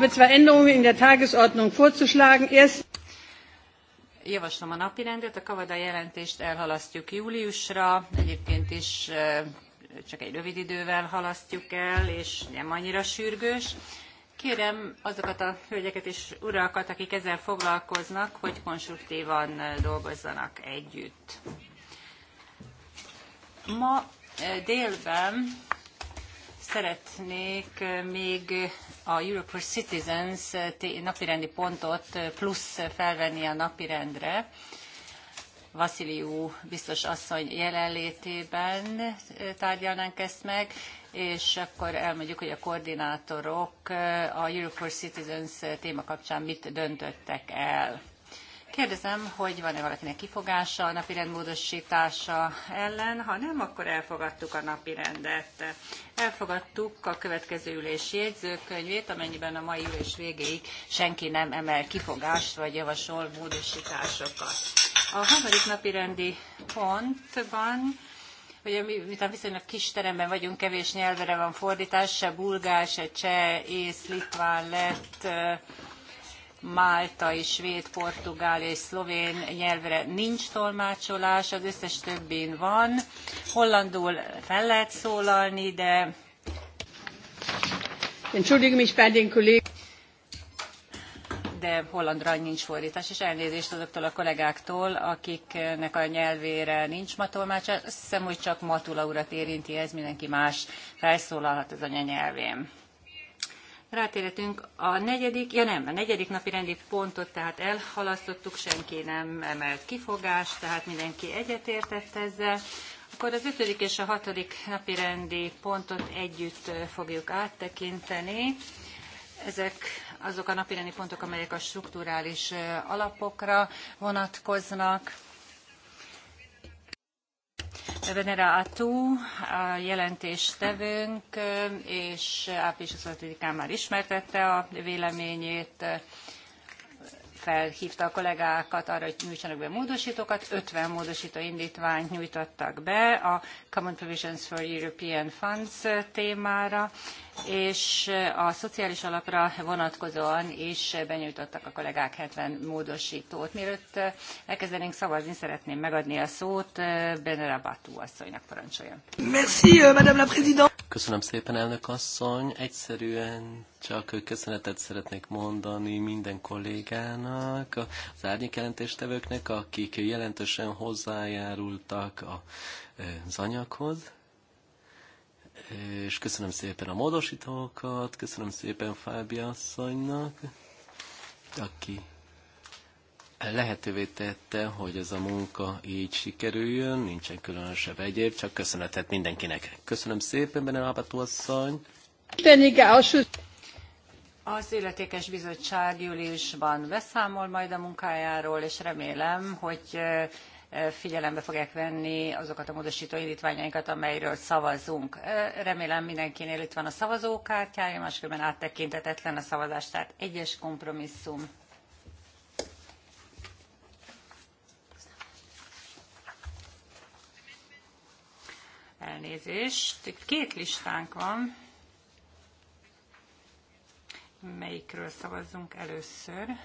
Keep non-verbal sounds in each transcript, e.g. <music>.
habe zwei Änderungen in der Tagesordnung vorzuschlagen. Erst Javaslom a napi napirendet, a Kavada jelentést elhalasztjuk júliusra, egyébként is csak egy rövid idővel halasztjuk el, és nem annyira sürgős. Kérem azokat a hölgyeket és urakat, akik ezzel foglalkoznak, hogy konstruktívan dolgozzanak együtt. Ma délben Szeretnék még a Europe for Citizens napirendi pontot plusz felvenni a napirendre. Vasziliú biztos asszony jelenlétében tárgyalnánk ezt meg, és akkor elmondjuk, hogy a koordinátorok a Europe for Citizens téma kapcsán mit döntöttek el. Kérdezem, hogy van-e valakinek kifogása a napirend módosítása ellen. Ha nem, akkor elfogadtuk a napirendet. Elfogadtuk a következő ülés jegyzőkönyvét, amennyiben a mai ülés végéig senki nem emel kifogást vagy javasol módosításokat. A harmadik napirendi pontban hogy mi, miután viszonylag kis teremben vagyunk, kevés nyelvere van fordítás, se bulgár, se cseh, ész, litván, lett, Málta és svéd, portugál és szlovén nyelvre nincs tolmácsolás, az összes többén van. Hollandul fel lehet szólalni, de... de hollandra nincs fordítás, és elnézést azoktól a kollégáktól, akiknek a nyelvére nincs ma tolmács. Azt hiszem, hogy csak Matula urat érinti ez, mindenki más felszólalhat az anyanyelvén. Rátérhetünk a negyedik, ja nem, a negyedik napi rendi pontot, tehát elhalasztottuk, senki nem emelt kifogást, tehát mindenki egyetértett ezzel. Akkor az ötödik és a hatodik napi rendi pontot együtt fogjuk áttekinteni. Ezek azok a napirendi pontok, amelyek a strukturális alapokra vonatkoznak. Venera Atú, a jelentéstevőnk, és április 25-án már ismertette a véleményét, felhívta a kollégákat arra, hogy nyújtsanak be módosítókat. 50 módosító indítványt nyújtottak be a Common Provisions for European Funds témára, és a szociális alapra vonatkozóan is benyújtottak a kollégák 70 módosítót. Mielőtt elkezdenénk szavazni, szeretném megadni a szót eh, Benera Batu asszonynak parancsoljon. Merci, euh, Madame la Présidente. Köszönöm szépen, elnök asszony. Egyszerűen csak köszönetet szeretnék mondani minden kollégának, az jelentéstevőknek, akik jelentősen hozzájárultak eh, az anyaghoz és köszönöm szépen a módosítókat, köszönöm szépen Fábia asszonynak, aki lehetővé tette, hogy ez a munka így sikerüljön, nincsen különösebb egyéb, csak köszönetet mindenkinek. Köszönöm szépen, Benne Ápató asszony. Az Illetékes Bizottság júliusban beszámol majd a munkájáról, és remélem, hogy figyelembe fogják venni azokat a módosító indítványainkat, amelyről szavazunk. Remélem mindenkinél itt van a szavazókártyája, máskülönben áttekintetetlen a szavazás, tehát egyes kompromisszum. Elnézést. Itt két listánk van. Melyikről szavazzunk először?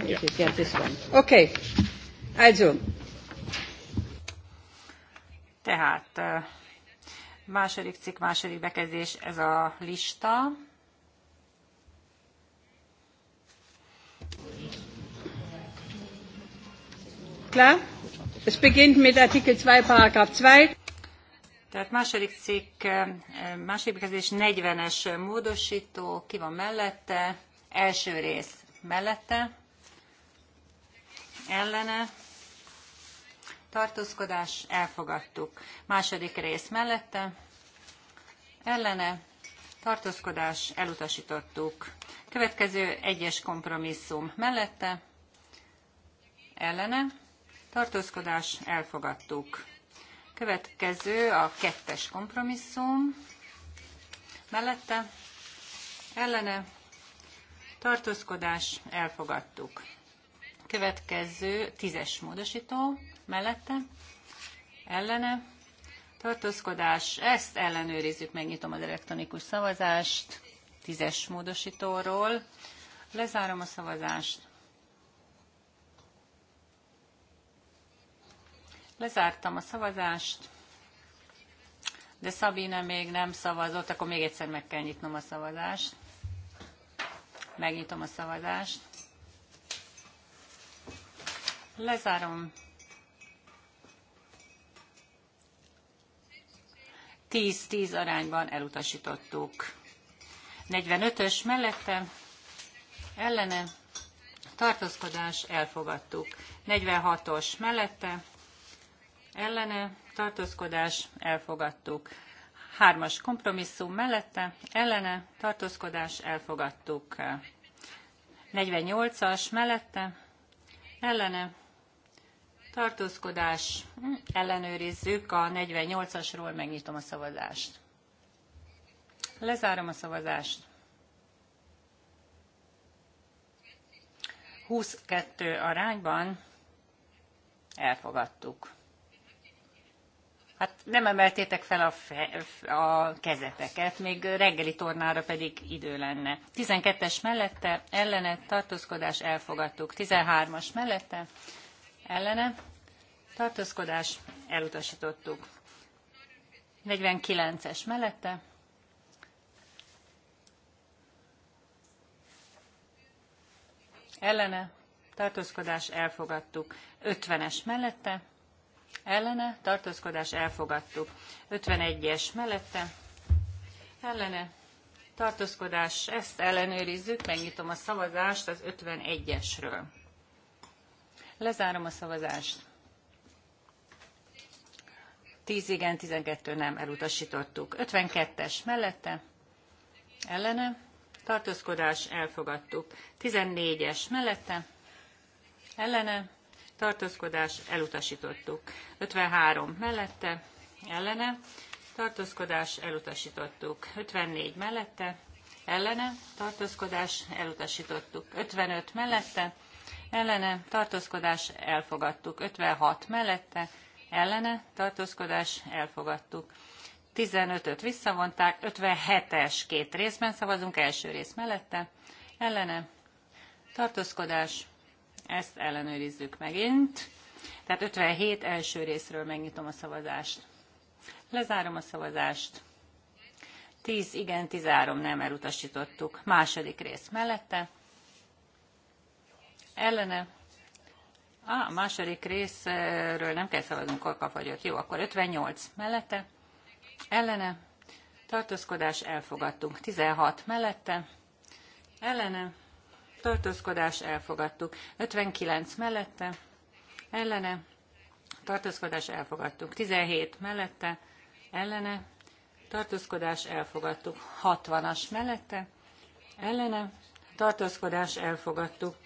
Oké, Okay. Also. Tehát második cikk, második bekezdés, ez a lista. Klar? Es beginnt mit Artikel 2, Paragraph 2. Tehát második cikk, második bekezdés 40-es módosító, ki van mellette? Első rész mellette, ellene, tartózkodás, elfogadtuk. Második rész mellette, ellene, tartózkodás, elutasítottuk. Következő egyes kompromisszum mellette, ellene, tartózkodás, elfogadtuk. Következő a kettes kompromisszum mellette, ellene, tartózkodás, elfogadtuk. Következő tízes módosító mellette, ellene, tartózkodás, ezt ellenőrizzük, megnyitom az elektronikus szavazást, tízes módosítóról, lezárom a szavazást, Lezártam a szavazást, de Szabine még nem szavazott, akkor még egyszer meg kell nyitnom a szavazást. Megnyitom a szavazást. Lezárom. 10-10 arányban elutasítottuk. 45-ös mellette ellene tartózkodás elfogadtuk. 46-os mellette ellene tartózkodás elfogadtuk. Hármas kompromisszum mellette, ellene, tartózkodás, elfogadtuk. 48-as mellette, ellene, tartózkodás, hm, ellenőrizzük a 48-asról, megnyitom a szavazást. Lezárom a szavazást. 22 arányban elfogadtuk hát nem emeltétek fel a, fe, a kezeteket, még reggeli tornára pedig idő lenne. 12-es mellette, ellene, tartózkodás, elfogadtuk. 13-as mellette, ellene, tartózkodás, elutasítottuk. 49-es mellette, ellene, tartózkodás, elfogadtuk. 50-es mellette, ellene, tartózkodás elfogadtuk. 51-es mellette, ellene, tartózkodás, ezt ellenőrizzük, megnyitom a szavazást az 51-esről. Lezárom a szavazást. 10 igen, 12 nem, elutasítottuk. 52-es mellette, ellene, tartózkodás, elfogadtuk. 14-es mellette, ellene, tartózkodás, elutasítottuk. 53 mellette, ellene, tartózkodás, elutasítottuk. 54 mellette, ellene, tartózkodás, elutasítottuk. 55 mellette, ellene, tartózkodás, elfogadtuk. 56 mellette, ellene, tartózkodás, elfogadtuk. 15-öt visszavonták, 57-es két részben szavazunk, első rész mellette, ellene, tartózkodás, ezt ellenőrizzük megint. Tehát 57 első részről megnyitom a szavazást. Lezárom a szavazást. 10 igen, 13 nem elutasítottuk. Második rész mellette. Ellene. A a második részről nem kell szavaznunk, vagyok. Jó, akkor 58 mellette. Ellene. Tartózkodás elfogadtunk. 16 mellette. Ellene tartózkodás elfogadtuk. 59 mellette, ellene, tartózkodás elfogadtuk. 17 mellette, ellene, tartózkodás elfogadtuk. 60-as mellette, ellene, tartózkodás elfogadtuk.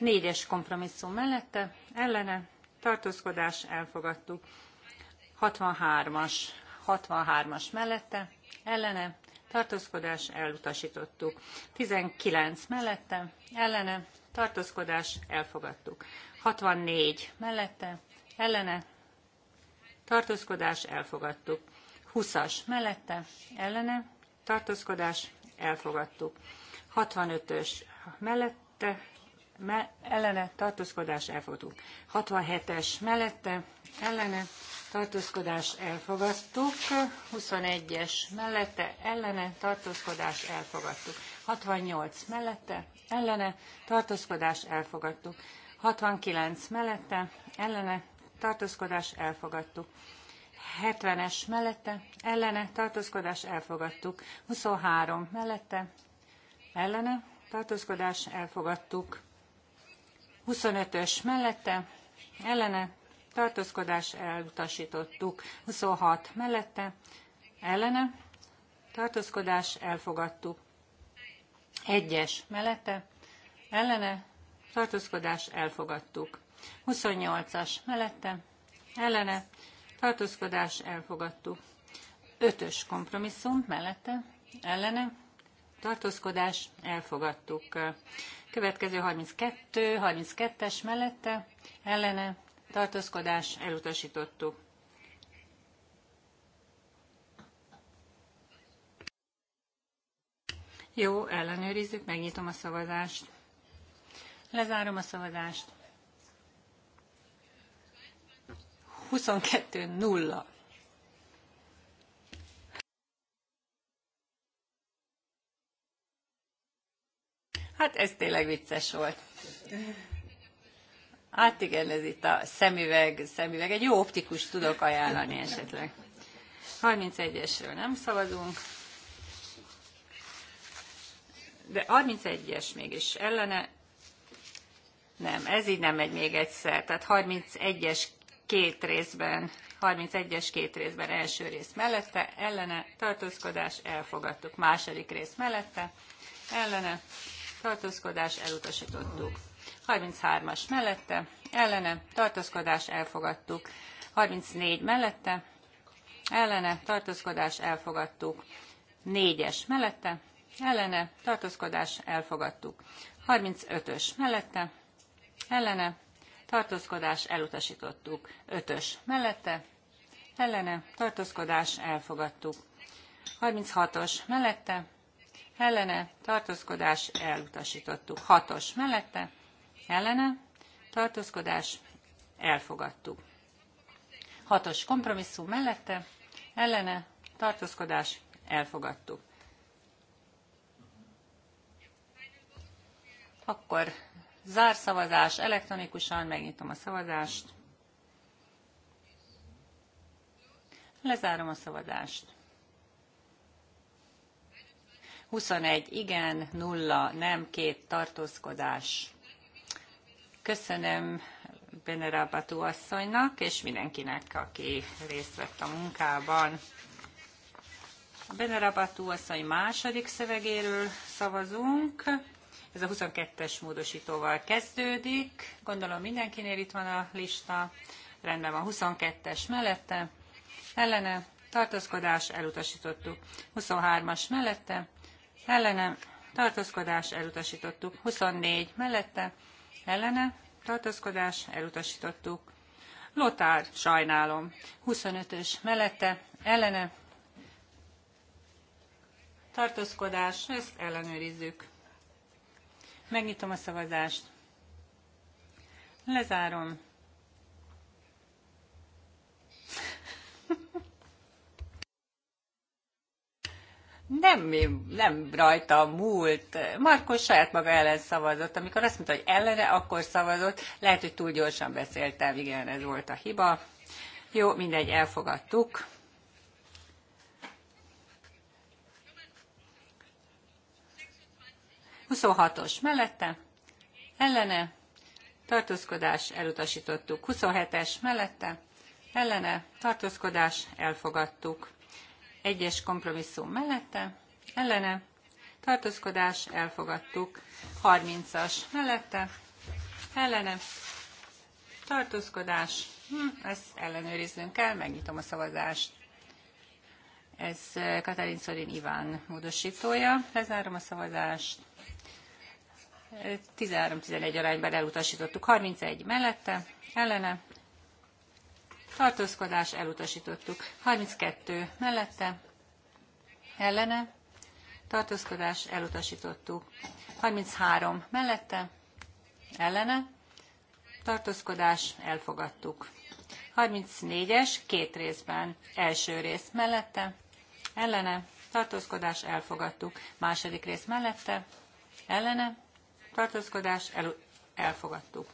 4-es kompromisszum mellette, ellene, tartózkodás elfogadtuk. 63-as, 63-as mellette, ellene, tartózkodás, elutasítottuk. 19 mellette, ellene, tartózkodás, elfogadtuk. 64 mellette, ellene, tartózkodás, elfogadtuk. 20-as mellette, ellene, tartózkodás, elfogadtuk. 65-ös mellette, me, ellene, tartózkodás, elfogadtuk. 67-es mellette, ellene, tartózkodás elfogadtuk, 21-es mellette ellene tartózkodás elfogadtuk, 68 mellette ellene tartózkodás elfogadtuk, 69 mellette ellene tartózkodás elfogadtuk. 70-es mellette, ellene, tartózkodás elfogadtuk. 23 mellette, ellene, tartózkodás elfogadtuk. 25-ös mellette, ellene, tartózkodás elutasítottuk. 26 mellette, ellene, tartózkodás elfogadtuk. 1-es mellette, ellene, tartózkodás elfogadtuk. 28-as mellette, ellene, tartózkodás elfogadtuk. 5-ös kompromisszum mellette, ellene, tartózkodás elfogadtuk. Következő 32, 32-es mellette, ellene, tartózkodás, elutasítottuk. Jó, ellenőrizzük, megnyitom a szavazást. Lezárom a szavazást. 22 nulla. Hát ez tényleg vicces volt. Hát igen, ez itt a szemüveg, szemüveg. Egy jó optikus tudok ajánlani esetleg. 31-esről nem szavazunk. De 31-es mégis ellene. Nem, ez így nem megy még egyszer. Tehát 31-es két részben, 31-es két részben első rész mellette, ellene, tartózkodás, elfogadtuk. Második rész mellette, ellene, tartózkodás, elutasítottuk. 33-as mellette, ellene, tartózkodás elfogadtuk. 34 mellette, ellene, tartózkodás elfogadtuk. 4-es mellette, ellene, tartózkodás elfogadtuk. 35-ös mellette, ellene, tartózkodás elutasítottuk. 5-ös mellette, ellene, tartózkodás elfogadtuk. 36-os mellette, ellene, tartózkodás elutasítottuk. 6-os mellette, ellene, tartózkodás, elfogadtuk. Hatos kompromisszum mellette, ellene, tartózkodás, elfogadtuk. Akkor zárszavazás, elektronikusan megnyitom a szavazást. Lezárom a szavazást. 21 igen, 0 nem, két tartózkodás. Köszönöm Benerabatú asszonynak, és mindenkinek, aki részt vett a munkában. A Benerabatú asszony második szövegéről szavazunk. Ez a 22-es módosítóval kezdődik. Gondolom mindenkinél itt van a lista. Rendben a 22-es mellette. Ellene, tartózkodás, elutasítottuk. 23-as mellette. Ellene, tartózkodás, elutasítottuk. 24 mellette ellene tartózkodás, elutasítottuk. Lotár, sajnálom, 25-ös mellette, ellene tartózkodás, ezt ellenőrizzük. Megnyitom a szavazást. Lezárom. nem, nem rajta múlt. Markos saját maga ellen szavazott. Amikor azt mondta, hogy ellene, akkor szavazott. Lehet, hogy túl gyorsan beszéltem. Igen, ez volt a hiba. Jó, mindegy, elfogadtuk. Huszonhatos mellette, ellene, tartózkodás, elutasítottuk. 27-es mellette, ellene, tartózkodás, elfogadtuk. Egyes kompromisszum mellette, ellene, tartózkodás, elfogadtuk. 30-as mellette, ellene, tartózkodás, hm, ezt ellenőriznünk kell, megnyitom a szavazást. Ez eh, Katalin Szorin Iván módosítója. Lezárom a szavazást. 13-11 eh, arányban elutasítottuk. 31 mellette, ellene, tartózkodás elutasítottuk. 32 mellette, ellene, tartózkodás elutasítottuk. 33 mellette, ellene, tartózkodás elfogadtuk. 34-es két részben, első rész mellette, ellene, tartózkodás elfogadtuk. Második rész mellette, ellene, tartózkodás el, elfogadtuk.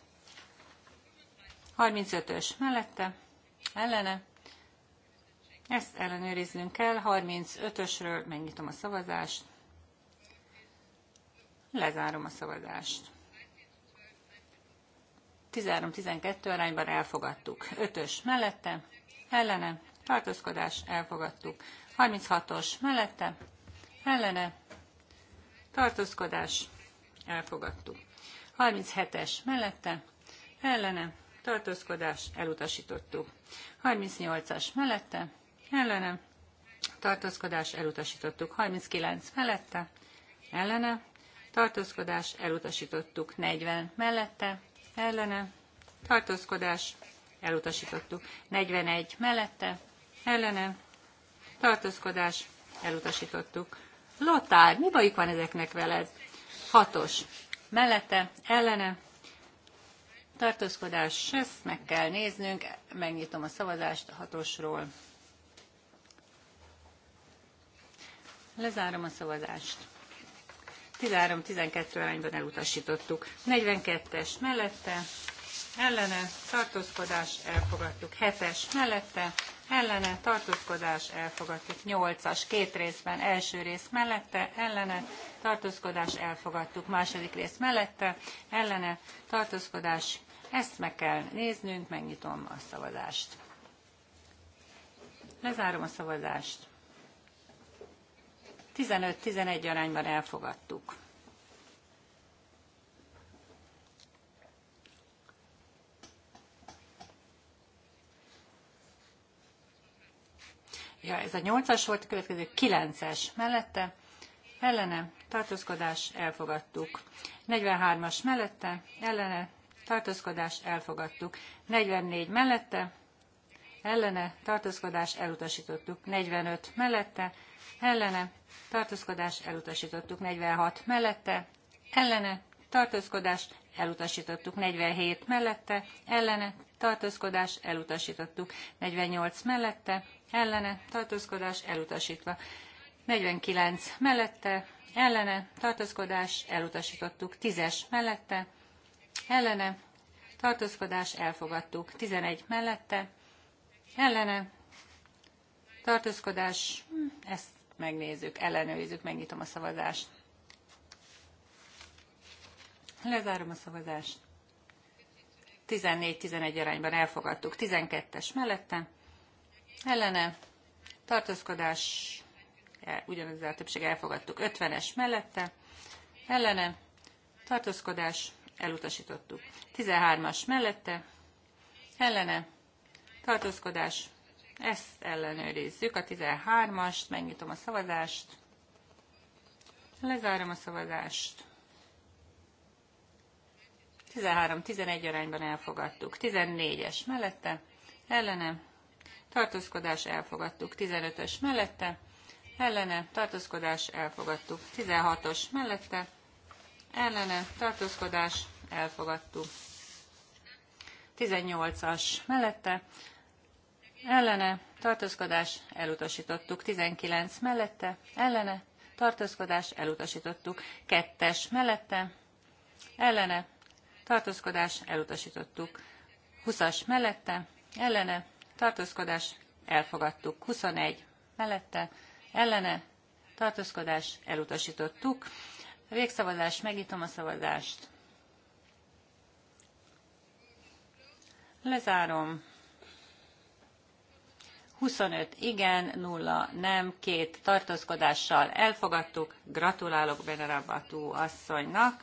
35-ös mellette, ellene. Ezt ellenőriznünk kell. 35-ösről megnyitom a szavazást. Lezárom a szavazást. 13-12 arányban elfogadtuk. 5-ös mellette, ellene, tartózkodás, elfogadtuk. 36-os mellette, ellene, tartózkodás, elfogadtuk. 37-es mellette, ellene, tartózkodás, elutasítottuk. 38-as mellette, ellene, tartózkodás, elutasítottuk. 39 mellette, ellene, tartózkodás, elutasítottuk. 40 mellette, ellene, tartózkodás, elutasítottuk. 41 mellette, ellene, tartózkodás, elutasítottuk. Lotár, mi bajuk van ezeknek veled? Hatos. Mellette, ellene, tartózkodás, ezt meg kell néznünk, megnyitom a szavazást a hatosról. Lezárom a szavazást. 13-12 arányban elutasítottuk. 42-es mellette, ellene, tartózkodás, elfogadtuk. 7-es mellette, ellene, tartózkodás, elfogadtuk. 8-as, két részben, első rész mellette, ellene, tartózkodás, elfogadtuk. Második rész mellette, ellene, tartózkodás, ezt meg kell néznünk, megnyitom a szavazást. Lezárom a szavazást. 15-11 arányban elfogadtuk. Ja, ez a 8-as volt, a következő 9-es mellette, ellene, tartózkodás, elfogadtuk. 43-as mellette, ellene, tartózkodás elfogadtuk. 44 mellette, ellene, tartózkodás elutasítottuk. 45 mellette, ellene, tartózkodás elutasítottuk. 46 mellette, ellene, tartózkodás elutasítottuk. 47 mellette, ellene, tartózkodás elutasítottuk. 48 mellette, ellene, tartózkodás elutasítva. 49 mellette, ellene, tartózkodás elutasítottuk. 10-es mellette, ellene, tartózkodás elfogadtuk. 11 mellette, ellene, tartózkodás, hm, ezt megnézzük, ellenőrizzük, megnyitom a szavazást. Lezárom a szavazást. 14-11 arányban elfogadtuk. 12-es mellette, ellene, tartózkodás, e, ugyanezzel a többség elfogadtuk. 50-es mellette, ellene, tartózkodás, elutasítottuk. 13-as mellette, ellene, tartózkodás, ezt ellenőrizzük, a 13-ast, megnyitom a szavazást, lezárom a szavazást. 13-11 arányban elfogadtuk. 14-es mellette, ellene, tartózkodás elfogadtuk. 15-ös mellette, ellene, tartózkodás elfogadtuk. 16-os mellette, ellene tartózkodás elfogadtuk. 18-as mellette ellene tartózkodás elutasítottuk. 19 mellette ellene tartózkodás elutasítottuk. 2-es mellette ellene tartózkodás elutasítottuk. 20-as mellette ellene tartózkodás elfogadtuk. 21 mellette ellene tartózkodás elutasítottuk. Végszavazás, megnyitom a szavazást. Lezárom. 25 igen, 0 nem, két tartózkodással elfogadtuk. Gratulálok Benerabatú asszonynak.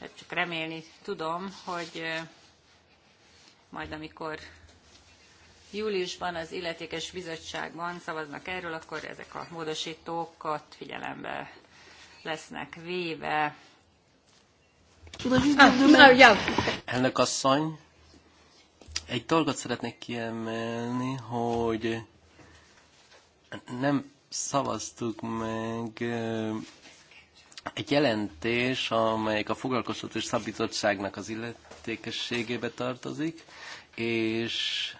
Csak remélni tudom, hogy eh, majd amikor júliusban az illetékes bizottságban szavaznak erről, akkor ezek a módosítókat figyelembe lesznek véve. Ah, Elnök asszony, egy dolgot szeretnék kiemelni, hogy nem szavaztuk meg egy jelentés, amelyik a foglalkoztató és szabítottságnak az illetékességébe tartozik, és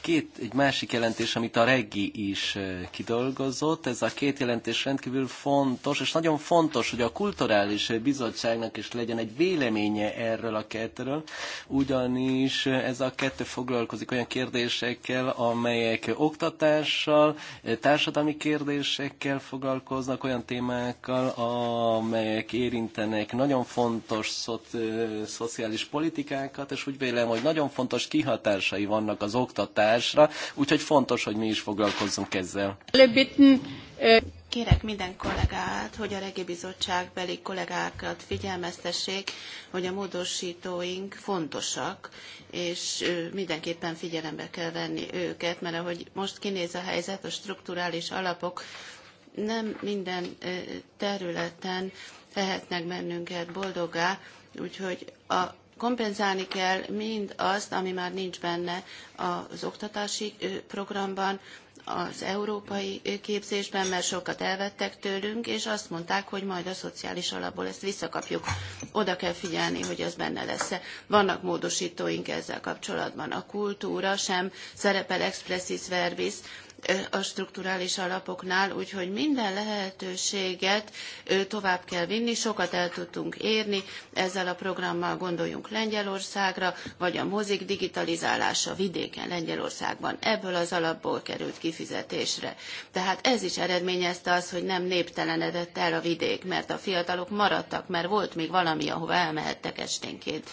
két, egy másik jelentés, amit a Reggi is eh, kidolgozott. Ez a két jelentés rendkívül fontos, és nagyon fontos, hogy a kulturális bizottságnak is legyen egy véleménye erről a kettőről, ugyanis ez a kettő foglalkozik olyan kérdésekkel, amelyek oktatással, eh, társadalmi kérdésekkel foglalkoznak, olyan témákkal, amelyek érintenek nagyon fontos szot eh, szociális politikákat, és úgy vélem, hogy nagyon fontos kihatásai vannak az oktatás kutatásra, úgyhogy fontos, hogy mi is foglalkozzunk ezzel. Kérek minden kollégát, hogy a regi beli kollégákat figyelmeztessék, hogy a módosítóink fontosak, és mindenképpen figyelembe kell venni őket, mert ahogy most kinéz a helyzet, a strukturális alapok nem minden területen tehetnek bennünket boldogá, úgyhogy a kompenzálni kell mind azt, ami már nincs benne az oktatási programban, az európai képzésben, mert sokat elvettek tőlünk, és azt mondták, hogy majd a szociális alapból ezt visszakapjuk. Oda kell figyelni, hogy az benne lesz -e. Vannak módosítóink ezzel kapcsolatban. A kultúra sem szerepel expressis verbis, a strukturális alapoknál, úgyhogy minden lehetőséget tovább kell vinni, sokat el tudtunk érni, ezzel a programmal gondoljunk Lengyelországra, vagy a mozik digitalizálása vidéken Lengyelországban ebből az alapból került kifizetésre. Tehát ez is eredményezte az, hogy nem néptelenedett el a vidék, mert a fiatalok maradtak, mert volt még valami, ahova elmehettek esténként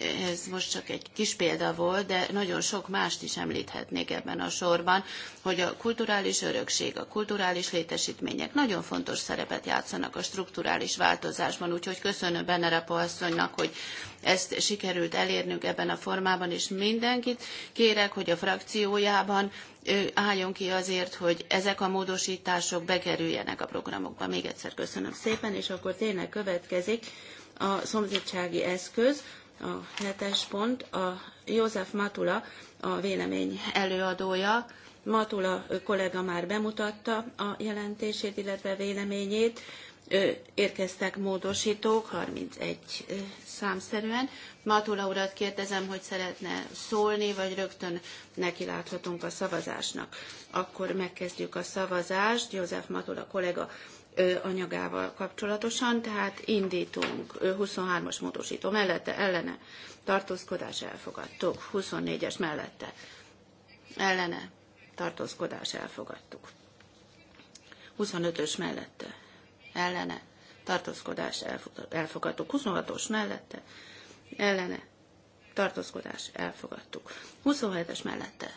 ez most csak egy kis példa volt, de nagyon sok mást is említhetnék ebben a sorban, hogy a kulturális örökség, a kulturális létesítmények nagyon fontos szerepet játszanak a strukturális változásban, úgyhogy köszönöm Benne a asszonynak, hogy ezt sikerült elérnünk ebben a formában, és mindenkit kérek, hogy a frakciójában álljon ki azért, hogy ezek a módosítások bekerüljenek a programokba. Még egyszer köszönöm szépen, és akkor tényleg következik a szomszédsági eszköz, a hetes pont, a József Matula, a vélemény előadója. Matula kollega már bemutatta a jelentését, illetve véleményét érkeztek módosítók, 31 számszerűen. Matula urat kérdezem, hogy szeretne szólni, vagy rögtön neki láthatunk a szavazásnak. Akkor megkezdjük a szavazást József Matula kollega anyagával kapcsolatosan, tehát indítunk 23-as módosító mellette, ellene, tartózkodás elfogadtuk, 24-es mellette, ellene, tartózkodás elfogadtuk, 25-ös mellette, ellene, tartózkodás elfogadtuk. 26-os mellette, ellene, tartózkodás elfogadtuk. 27-es mellette,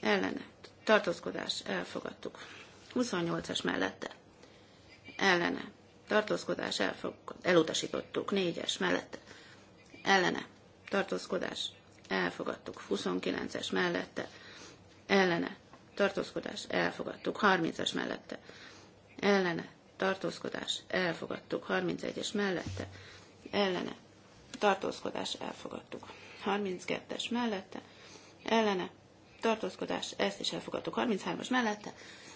ellene, tartózkodás elfogadtuk. 28-as mellette, ellene, tartózkodás elfog, elutasítottuk. 4-es mellette, ellene, tartózkodás elfogadtuk. 29-es mellette, ellene, tartózkodás elfogadtuk. 30-as mellette, ellene, tartózkodás, elfogadtuk. 31-es mellette, ellene, tartózkodás, elfogadtuk. 32-es mellette, ellene, tartózkodás, ezt is elfogadtuk. 33-as mellette,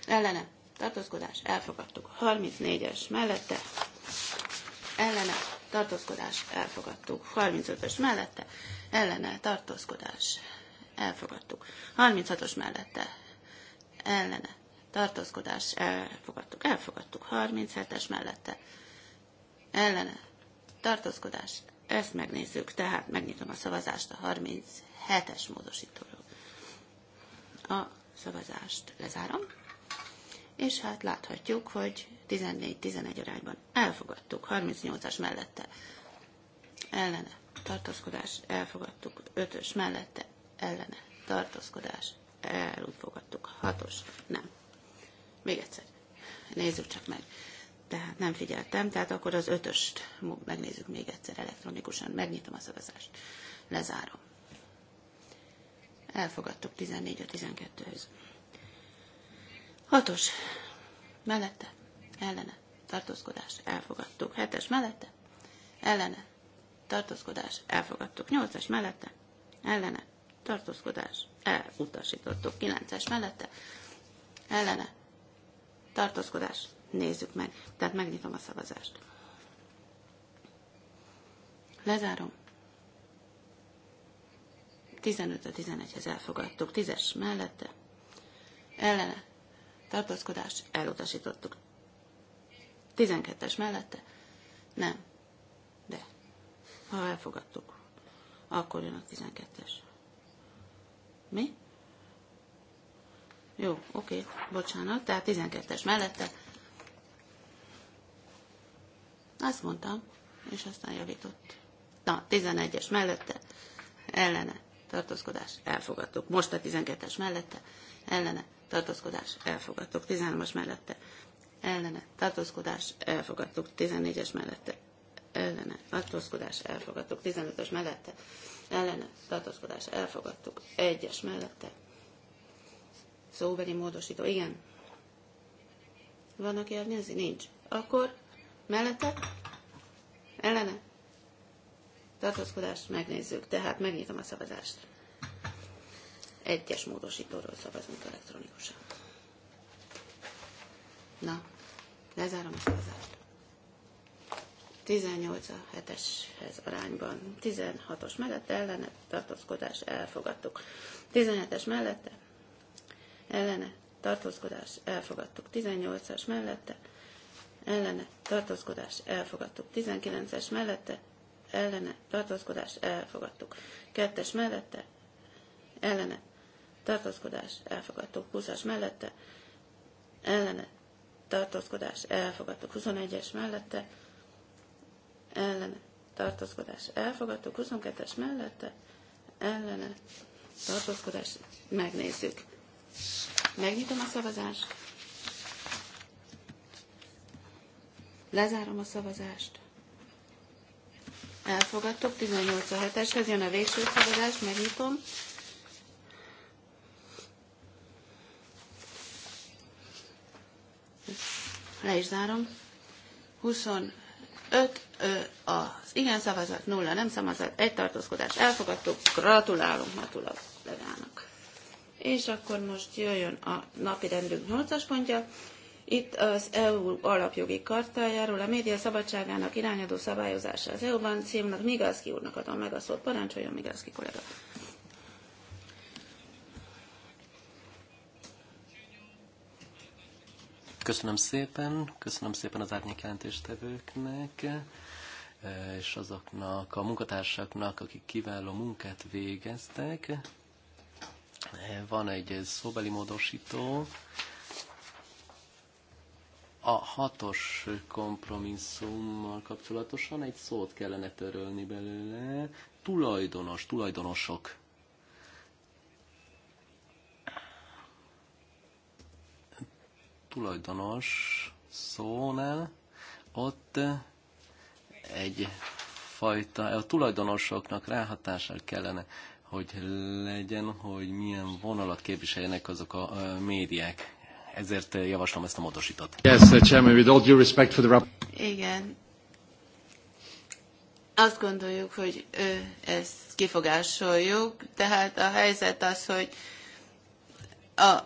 ellene, tartózkodás, elfogadtuk. 34-es mellette, ellene, tartózkodás, elfogadtuk. 35-ös mellette, ellene, tartózkodás, elfogadtuk. 36-os mellette, ellene, tartózkodás elfogadtuk, elfogadtuk. 37-es mellette ellene tartózkodás, ezt megnézzük, tehát megnyitom a szavazást a 37-es módosítóról. A szavazást lezárom, és hát láthatjuk, hogy 14-11 arányban elfogadtuk, 38-as mellette ellene tartózkodás, elfogadtuk, 5-ös mellette ellene tartózkodás, elfogadtuk, 6-os nem. Még egyszer. Nézzük csak meg. Tehát nem figyeltem, tehát akkor az ötöst megnézzük még egyszer elektronikusan. Megnyitom a szavazást. Lezárom. Elfogadtuk 14 a 12-höz. Hatos. Mellette. Ellene. Tartózkodás. Elfogadtuk. Hetes mellette. Ellene. Tartózkodás. Elfogadtuk. Nyolcas mellette. Ellene. Tartózkodás. Elutasítottuk. Kilences mellette. Ellene tartózkodás, nézzük meg. Tehát megnyitom a szavazást. Lezárom. 15 a 11-hez elfogadtuk. 10-es mellette. Ellene. Tartózkodás. Elutasítottuk. 12-es mellette. Nem. De. Ha elfogadtuk, akkor jön a 12-es. Mi? Jó, oké, bocsánat, tehát 12-es mellette. Azt mondtam, és aztán javított. Na, 11-es mellette, ellene, tartózkodás, elfogadtuk. Most a 12-es mellette, ellene, tartózkodás, elfogadtuk. 13-as mellette, ellene, tartózkodás, elfogadtuk. 14-es mellette, ellene, tartózkodás, elfogadtuk. 15-ös mellette, ellene, tartózkodás, elfogadtuk. 1-es mellette, szóbeli módosító. Igen. Van, aki elnézi? Nincs. Akkor mellette? Ellene? Tartózkodást megnézzük, tehát megnyitom a szavazást. Egyes módosítóról szavazunk elektronikusan. Na, lezárom a szavazást. 18 a 7-eshez arányban, 16-os mellette ellene tartózkodás elfogadtuk. 17-es mellette ellene tartózkodás elfogadtuk 18-as mellette, ellene tartózkodás elfogadtuk 19-es mellette, ellene tartózkodás elfogadtuk 2-es mellette, ellene tartózkodás elfogadtuk 20-as mellette, ellene tartózkodás elfogadtuk 21-es mellette, ellene tartózkodás elfogadtuk 22-es mellette, ellene tartózkodás megnézzük. Megnyitom a szavazást. Lezárom a szavazást. Elfogadtok, 18 a 7-eshez jön a végső szavazás, megnyitom. Le is zárom. 25 ö, az igen szavazat, 0 nem szavazat, egy tartózkodás. Elfogadtok. gratulálunk Matula legának. És akkor most jöjjön a napi rendünk 8-as pontja. Itt az EU alapjogi kartájáról, a média szabadságának irányadó szabályozása az EU-ban címnak Migalszki úrnak adom meg a szót. Parancsoljon Migalszki kollega. Köszönöm szépen, köszönöm szépen az árnyék jelentéstevőknek eh, és azoknak a munkatársaknak, akik kiváló munkát végeztek. Van egy szóbeli módosító. A hatos kompromisszummal kapcsolatosan egy szót kellene törölni belőle. Tulajdonos, tulajdonosok. tulajdonos szónál ott egy fajta, a tulajdonosoknak ráhatással kellene hogy legyen, hogy milyen vonalat képviseljenek azok a médiák. Ezért javaslom ezt a módosítót. Yes, uh, Chairman, with all due respect for the Igen. Azt gondoljuk, hogy ezt kifogásoljuk, tehát a helyzet az, hogy a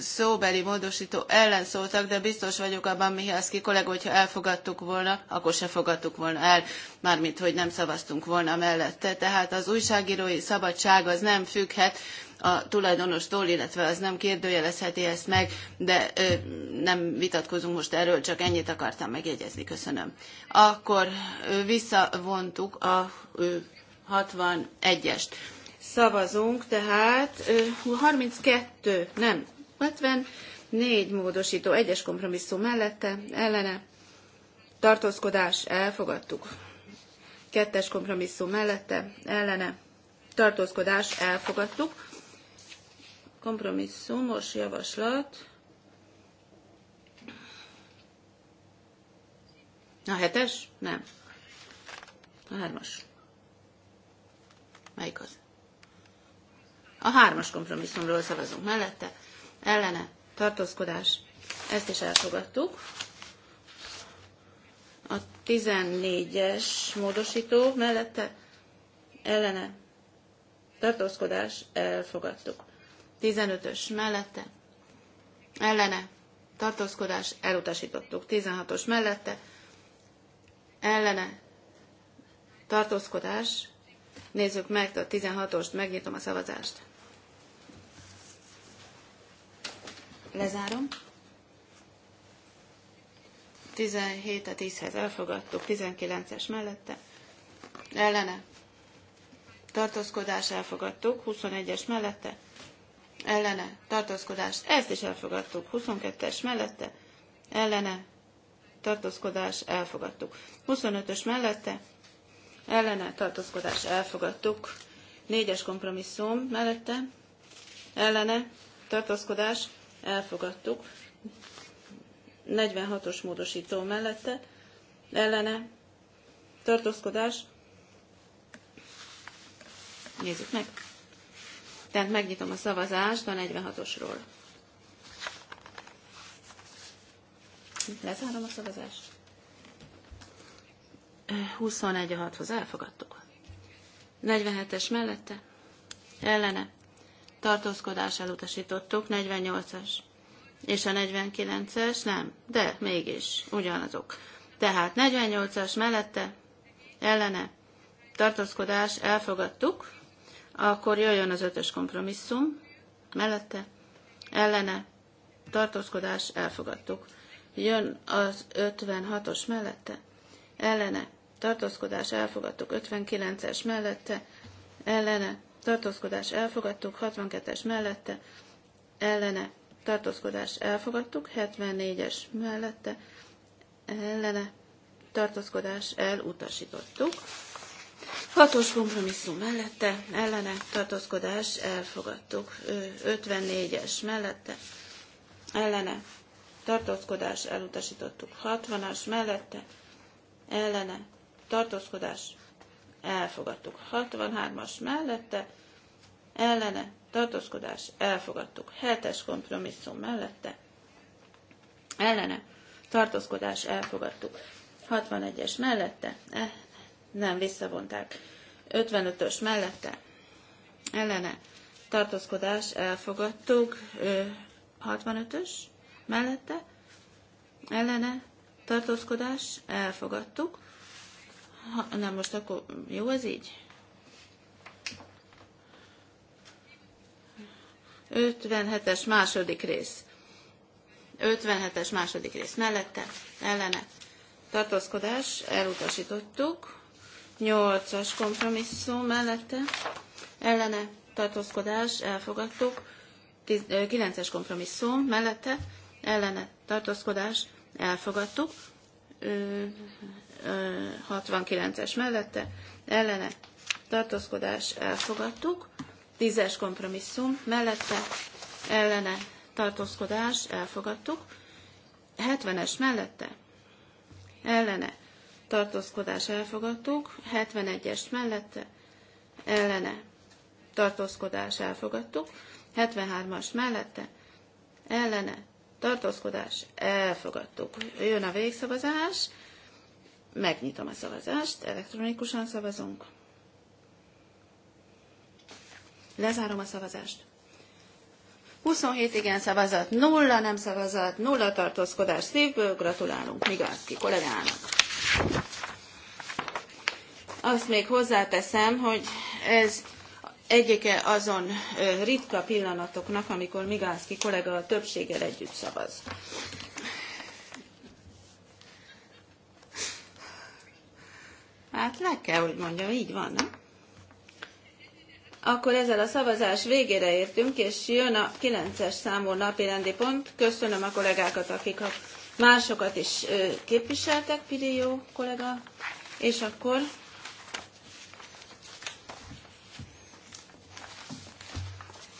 szóbeli módosító ellen szóltak, de biztos vagyok abban, Mihalszki kollega, hogyha elfogadtuk volna, akkor se fogadtuk volna el, mármint, hogy nem szavaztunk volna mellette. Tehát az újságírói szabadság az nem függhet a tulajdonostól, illetve az nem kérdőjelezheti ezt meg, de ö, nem vitatkozunk most erről, csak ennyit akartam megjegyezni, köszönöm. Akkor ö, visszavontuk a 61-est. Szavazunk, tehát ö, 32, nem, 74 módosító, egyes kompromisszum mellette, ellene, tartózkodás, elfogadtuk. Kettes kompromisszum mellette, ellene, tartózkodás, elfogadtuk. Kompromisszumos javaslat. A hetes? Nem. A hármas. Melyik az? A hármas kompromisszumról szavazunk mellette ellene tartózkodás, ezt is elfogadtuk. A 14-es módosító mellette ellene tartózkodás, elfogadtuk. 15-ös mellette ellene tartózkodás, elutasítottuk. 16-os mellette ellene tartózkodás, nézzük meg a 16-ost, megnyitom a szavazást. Lezárom. 17 a 10-hez elfogadtuk, 19-es mellette, ellene, tartózkodás elfogadtuk, 21-es mellette, ellene, tartózkodás, ezt is elfogadtuk, 22-es mellette, ellene, tartózkodás elfogadtuk, 25-ös mellette, ellene, tartózkodás elfogadtuk, 4-es kompromisszum mellette, ellene, tartózkodás elfogadtuk. 46-os módosító mellette ellene tartózkodás. Nézzük meg. Tehát megnyitom a szavazást a 46-osról. Lezárom a szavazást. 21 a 6-hoz elfogadtuk. 47-es mellette ellene tartózkodás elutasítottuk, 48-as. És a 49-es nem, de mégis ugyanazok. Tehát 48-as mellette, ellene, tartózkodás elfogadtuk, akkor jöjjön az ötös kompromisszum, mellette, ellene, tartózkodás elfogadtuk. Jön az 56-os mellette, ellene, tartózkodás elfogadtuk, 59-es mellette, ellene, tartózkodás elfogadtuk, 62-es mellette, ellene, tartózkodás elfogadtuk, 74-es mellette, ellene, tartózkodás elutasítottuk. Hatos kompromisszum mellette, ellene, tartózkodás elfogadtuk, 54-es mellette, ellene, tartózkodás elutasítottuk, 60-as mellette, ellene, tartózkodás elfogadtuk. 63-as mellette, ellene, tartózkodás, elfogadtuk. 7-es kompromisszum mellette, ellene, tartózkodás, elfogadtuk. 61-es mellette, eh, nem visszavonták. 55-ös mellette, ellene, tartózkodás, elfogadtuk. 65-ös mellette, ellene, tartózkodás, elfogadtuk. Ha, na most akkor jó ez így? 57-es második rész. 57-es második rész mellette, ellene. Tartózkodás, elutasítottuk. 8-as kompromisszum mellette, ellene. Tartózkodás, elfogadtuk. 9-es kompromisszum mellette, ellene. Tartózkodás, elfogadtuk. 69-es mellette, ellene, tartózkodás elfogadtuk, 10-es kompromisszum mellette, ellene, tartózkodás elfogadtuk, 70-es mellette, ellene, tartózkodás elfogadtuk, 71-es mellette, ellene, tartózkodás elfogadtuk, 73-as mellette, ellene, tartózkodás elfogadtuk. Jön a végszavazás, Megnyitom a szavazást, elektronikusan szavazunk. Lezárom a szavazást. 27 igen szavazat, nulla nem szavazat, nulla tartózkodás szívből. Gratulálunk ki kollégának. Azt még hozzáteszem, hogy ez egyike azon ritka pillanatoknak, amikor Migánszki kollega a többséggel együtt szavaz. Hát le kell, hogy mondjam, így van, nem? Akkor ezzel a szavazás végére értünk, és jön a 9-es számú rendi pont. Köszönöm a kollégákat, akik a másokat is képviseltek, jó kollega. És akkor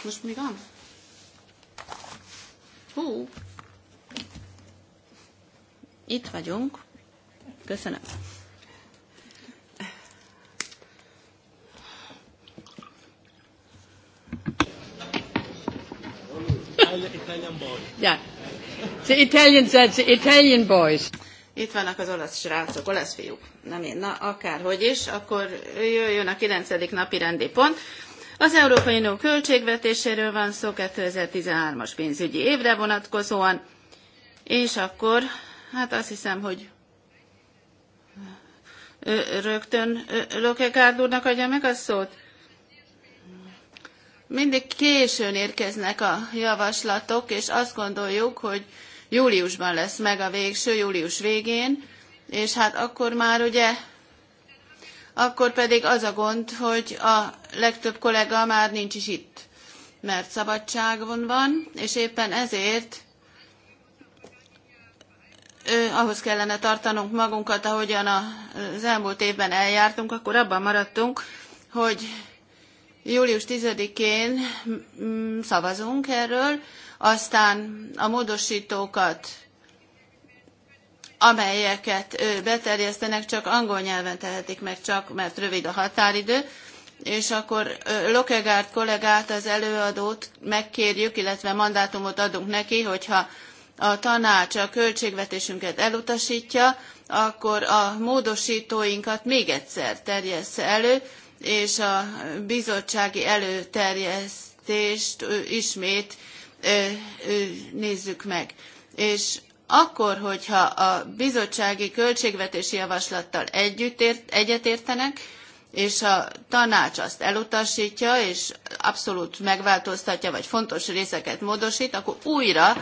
Most mi van? Hú! Itt vagyunk. Köszönöm. Yeah. The Italians are the Italian boys. Itt vannak az olasz srácok, olasz fiúk. Nem én, na akárhogy is, akkor jöjjön a 9. napi rendi pont. Az Európai Unió költségvetéséről van szó 2013-as pénzügyi évre vonatkozóan, és akkor, hát azt hiszem, hogy rögtön Lokekárd úrnak adja meg a szót mindig későn érkeznek a javaslatok, és azt gondoljuk, hogy júliusban lesz meg a végső, július végén, és hát akkor már ugye, akkor pedig az a gond, hogy a legtöbb kollega már nincs is itt, mert szabadságon van, és éppen ezért ő, ahhoz kellene tartanunk magunkat, ahogyan az elmúlt évben eljártunk, akkor abban maradtunk, hogy július 10-én szavazunk erről, aztán a módosítókat, amelyeket beterjesztenek, csak angol nyelven tehetik meg, csak mert rövid a határidő, és akkor Lokegárt kollégát, az előadót megkérjük, illetve mandátumot adunk neki, hogyha a tanács a költségvetésünket elutasítja, akkor a módosítóinkat még egyszer terjessze elő, és a bizottsági előterjesztést ismét nézzük meg. És akkor, hogyha a bizottsági költségvetési javaslattal együtt ért, egyetértenek, és a tanács azt elutasítja, és abszolút megváltoztatja, vagy fontos részeket módosít, akkor újra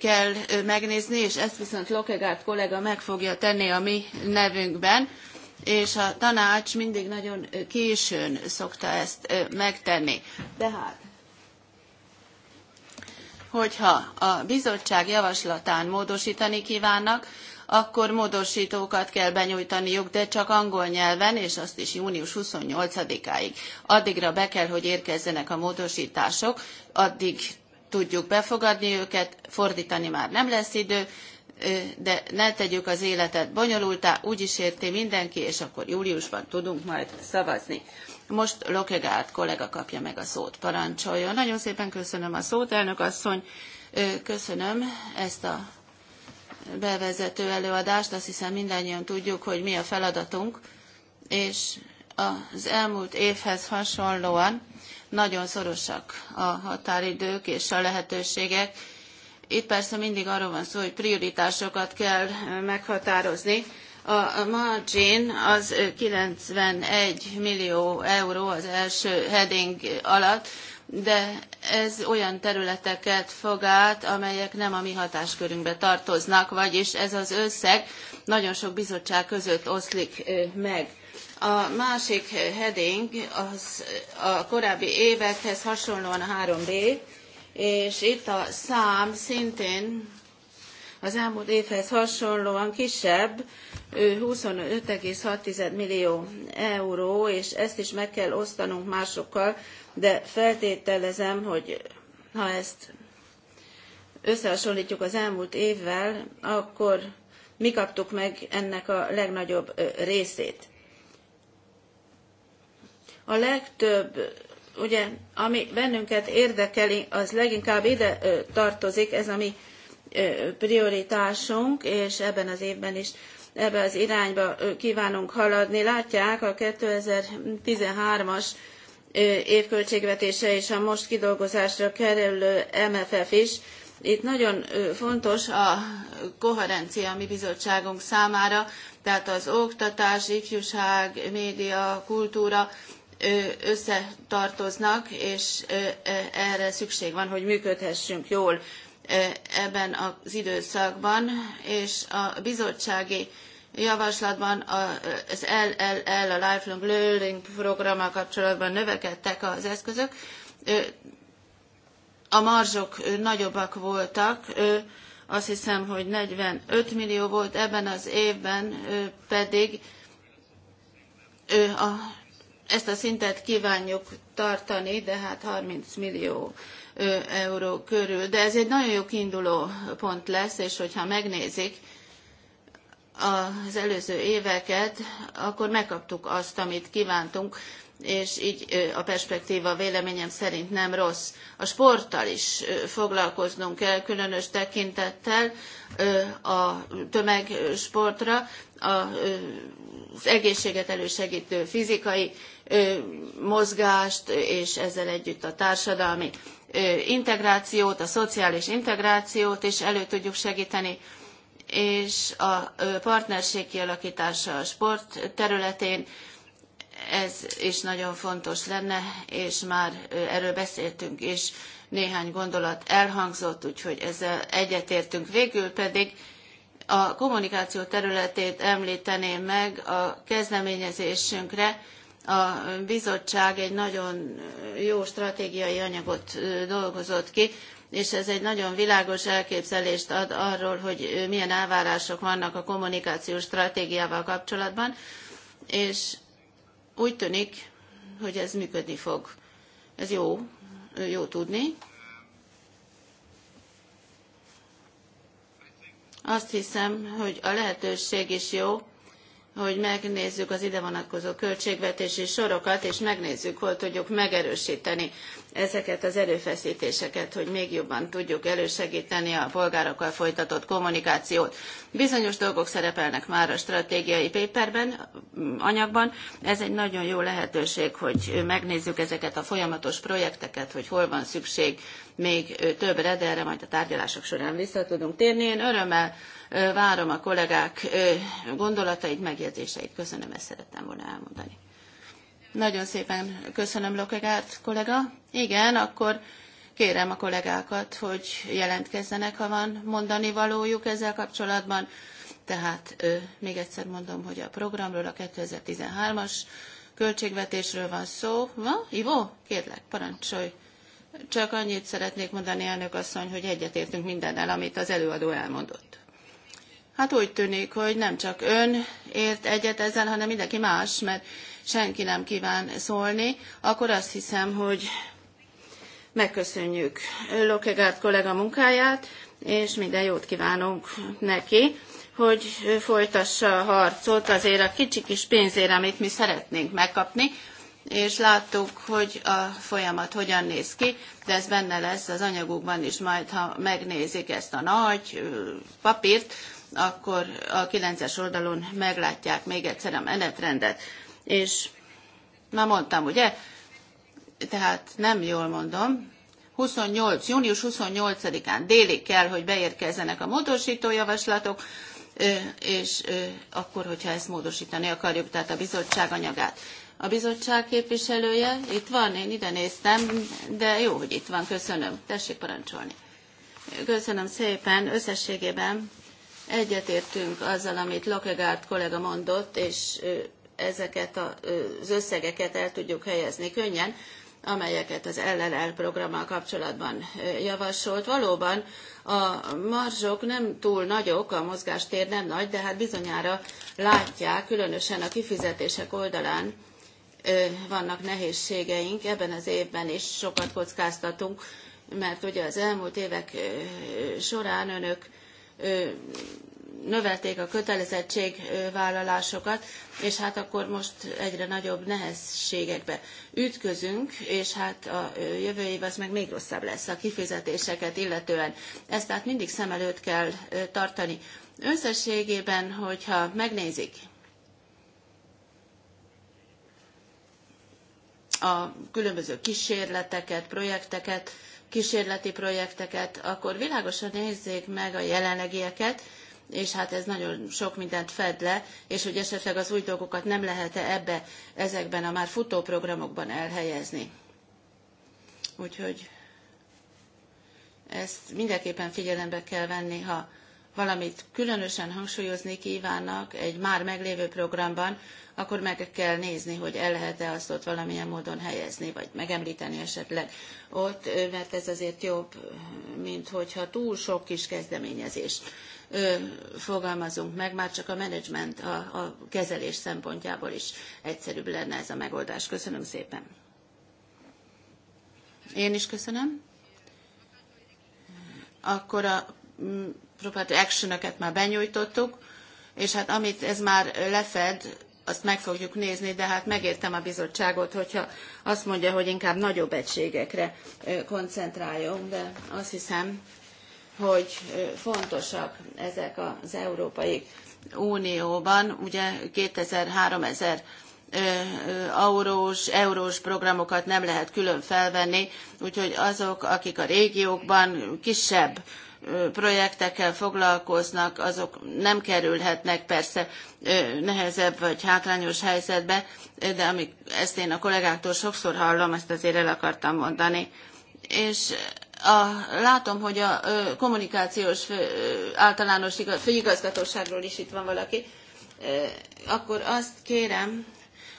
kell megnézni, és ezt viszont Lokegárt kollega meg fogja tenni a mi nevünkben, és a tanács mindig nagyon későn szokta ezt megtenni. Tehát hogyha a bizottság javaslatán módosítani kívánnak, akkor módosítókat kell benyújtaniuk, de csak angol nyelven, és azt is június 28-áig. Addigra be kell, hogy érkezzenek a módosítások, addig tudjuk befogadni őket, fordítani már nem lesz idő, de ne tegyük az életet bonyolultá, úgyis érti mindenki, és akkor júliusban tudunk majd szavazni. Most Lokegárt kollega kapja meg a szót, parancsoljon. Nagyon szépen köszönöm a szót, elnök asszony, köszönöm ezt a bevezető előadást, azt hiszem mindannyian tudjuk, hogy mi a feladatunk, és az elmúlt évhez hasonlóan nagyon szorosak a határidők és a lehetőségek, itt persze mindig arról van szó, hogy prioritásokat kell meghatározni. A margin az 91 millió euró az első heading alatt, de ez olyan területeket fog át, amelyek nem a mi hatáskörünkbe tartoznak, vagyis ez az összeg nagyon sok bizottság között oszlik meg. A másik heading az a korábbi évekhez hasonlóan a 3B, és itt a szám szintén az elmúlt évhez hasonlóan kisebb, 25,6 millió euró, és ezt is meg kell osztanunk másokkal, de feltételezem, hogy ha ezt összehasonlítjuk az elmúlt évvel, akkor mi kaptuk meg ennek a legnagyobb részét. A legtöbb ugye, ami bennünket érdekeli, az leginkább ide tartozik, ez a mi prioritásunk, és ebben az évben is ebbe az irányba kívánunk haladni. Látják a 2013-as év költségvetése és a most kidolgozásra kerülő MFF is. Itt nagyon fontos a koherencia a mi bizottságunk számára, tehát az oktatás, ifjúság, média, kultúra összetartoznak, és erre szükség van, hogy működhessünk jól ebben az időszakban, és a bizottsági javaslatban az LLL, a Lifelong Learning programmal kapcsolatban növekedtek az eszközök, a marzsok nagyobbak voltak, azt hiszem, hogy 45 millió volt ebben az évben, pedig a ezt a szintet kívánjuk tartani, de hát 30 millió euró körül. De ez egy nagyon jó kiinduló pont lesz, és hogyha megnézik az előző éveket, akkor megkaptuk azt, amit kívántunk és így a perspektíva véleményem szerint nem rossz. A sporttal is foglalkoznunk kell, különös tekintettel a tömegsportra, az egészséget elősegítő fizikai mozgást, és ezzel együtt a társadalmi integrációt, a szociális integrációt is elő tudjuk segíteni és a partnerség kialakítása a sport területén ez is nagyon fontos lenne, és már erről beszéltünk is, néhány gondolat elhangzott, úgyhogy ezzel egyetértünk. Végül pedig a kommunikáció területét említeném meg a kezdeményezésünkre. A bizottság egy nagyon jó stratégiai anyagot dolgozott ki, és ez egy nagyon világos elképzelést ad arról, hogy milyen elvárások vannak a kommunikációs stratégiával kapcsolatban, és úgy tűnik, hogy ez működni fog. Ez jó, jó tudni. Azt hiszem, hogy a lehetőség is jó, hogy megnézzük az ide vonatkozó költségvetési sorokat, és megnézzük, hol tudjuk megerősíteni ezeket az erőfeszítéseket, hogy még jobban tudjuk elősegíteni a polgárokkal folytatott kommunikációt. Bizonyos dolgok szerepelnek már a stratégiai paperben, anyagban. Ez egy nagyon jó lehetőség, hogy megnézzük ezeket a folyamatos projekteket, hogy hol van szükség még többre, de erre majd a tárgyalások során vissza tudunk térni. Én örömmel várom a kollégák gondolatait, megjegyzéseit. Köszönöm, ezt szerettem volna elmondani. Nagyon szépen köszönöm Lokegárt kollega. Igen, akkor kérem a kollégákat, hogy jelentkezzenek, ha van mondani valójuk ezzel kapcsolatban. Tehát még egyszer mondom, hogy a programról, a 2013-as költségvetésről van szó. Van? Ivo? Kérlek, parancsolj. Csak annyit szeretnék mondani, elnök asszony, hogy egyetértünk mindennel, amit az előadó elmondott. Hát úgy tűnik, hogy nem csak ön ért egyet ezzel, hanem mindenki más, mert senki nem kíván szólni. Akkor azt hiszem, hogy Megköszönjük Lokegát kollega munkáját, és minden jót kívánunk neki, hogy folytassa a harcot azért a kicsi kis pénzért, amit mi szeretnénk megkapni, és láttuk, hogy a folyamat hogyan néz ki, de ez benne lesz az anyagukban is majd, ha megnézik ezt a nagy papírt, akkor a kilences es oldalon meglátják még egyszer a menetrendet. És már mondtam, ugye, tehát nem jól mondom, 28, június 28-án délig kell, hogy beérkezzenek a módosító javaslatok, és akkor, hogyha ezt módosítani akarjuk, tehát a bizottság anyagát. A bizottság képviselője itt van, én ide néztem, de jó, hogy itt van, köszönöm. Tessék parancsolni. Köszönöm szépen, összességében egyetértünk azzal, amit Lokegaard kollega mondott, és ezeket az összegeket el tudjuk helyezni könnyen amelyeket az LLL programmal kapcsolatban javasolt. Valóban a marzsok nem túl nagyok, a mozgástér nem nagy, de hát bizonyára látják, különösen a kifizetések oldalán vannak nehézségeink. Ebben az évben is sokat kockáztatunk, mert ugye az elmúlt évek során önök növelték a kötelezettségvállalásokat, és hát akkor most egyre nagyobb nehézségekbe ütközünk, és hát a jövő év az meg még rosszabb lesz a kifizetéseket illetően. Ezt tehát mindig szem előtt kell tartani. Összességében, hogyha megnézik a különböző kísérleteket, projekteket, kísérleti projekteket, akkor világosan nézzék meg a jelenlegieket, és hát ez nagyon sok mindent fed le, és hogy esetleg az új dolgokat nem lehet-e ebbe, ezekben a már futó programokban elhelyezni. Úgyhogy ezt mindenképpen figyelembe kell venni, ha valamit különösen hangsúlyozni kívánnak egy már meglévő programban, akkor meg kell nézni, hogy el lehet-e azt ott valamilyen módon helyezni, vagy megemlíteni esetleg ott, mert ez azért jobb, mint hogyha túl sok kis kezdeményezést fogalmazunk meg, már csak a menedzsment, a, a kezelés szempontjából is egyszerűbb lenne ez a megoldás. Köszönöm szépen. Én is köszönöm. Akkor a mm, property action már benyújtottuk, és hát amit ez már lefed, azt meg fogjuk nézni, de hát megértem a bizottságot, hogyha azt mondja, hogy inkább nagyobb egységekre koncentráljon, de azt hiszem, hogy fontosak ezek az Európai Unióban. Ugye 2000-3000 eurós, eurós programokat nem lehet külön felvenni, úgyhogy azok, akik a régiókban kisebb projektekkel foglalkoznak, azok nem kerülhetnek persze nehezebb vagy hátrányos helyzetbe, de amik, ezt én a kollégáktól sokszor hallom, ezt azért el akartam mondani. És a, látom, hogy a ö, kommunikációs fő, ö, általános igaz, főigazgatóságról is itt van valaki, ö, akkor azt kérem,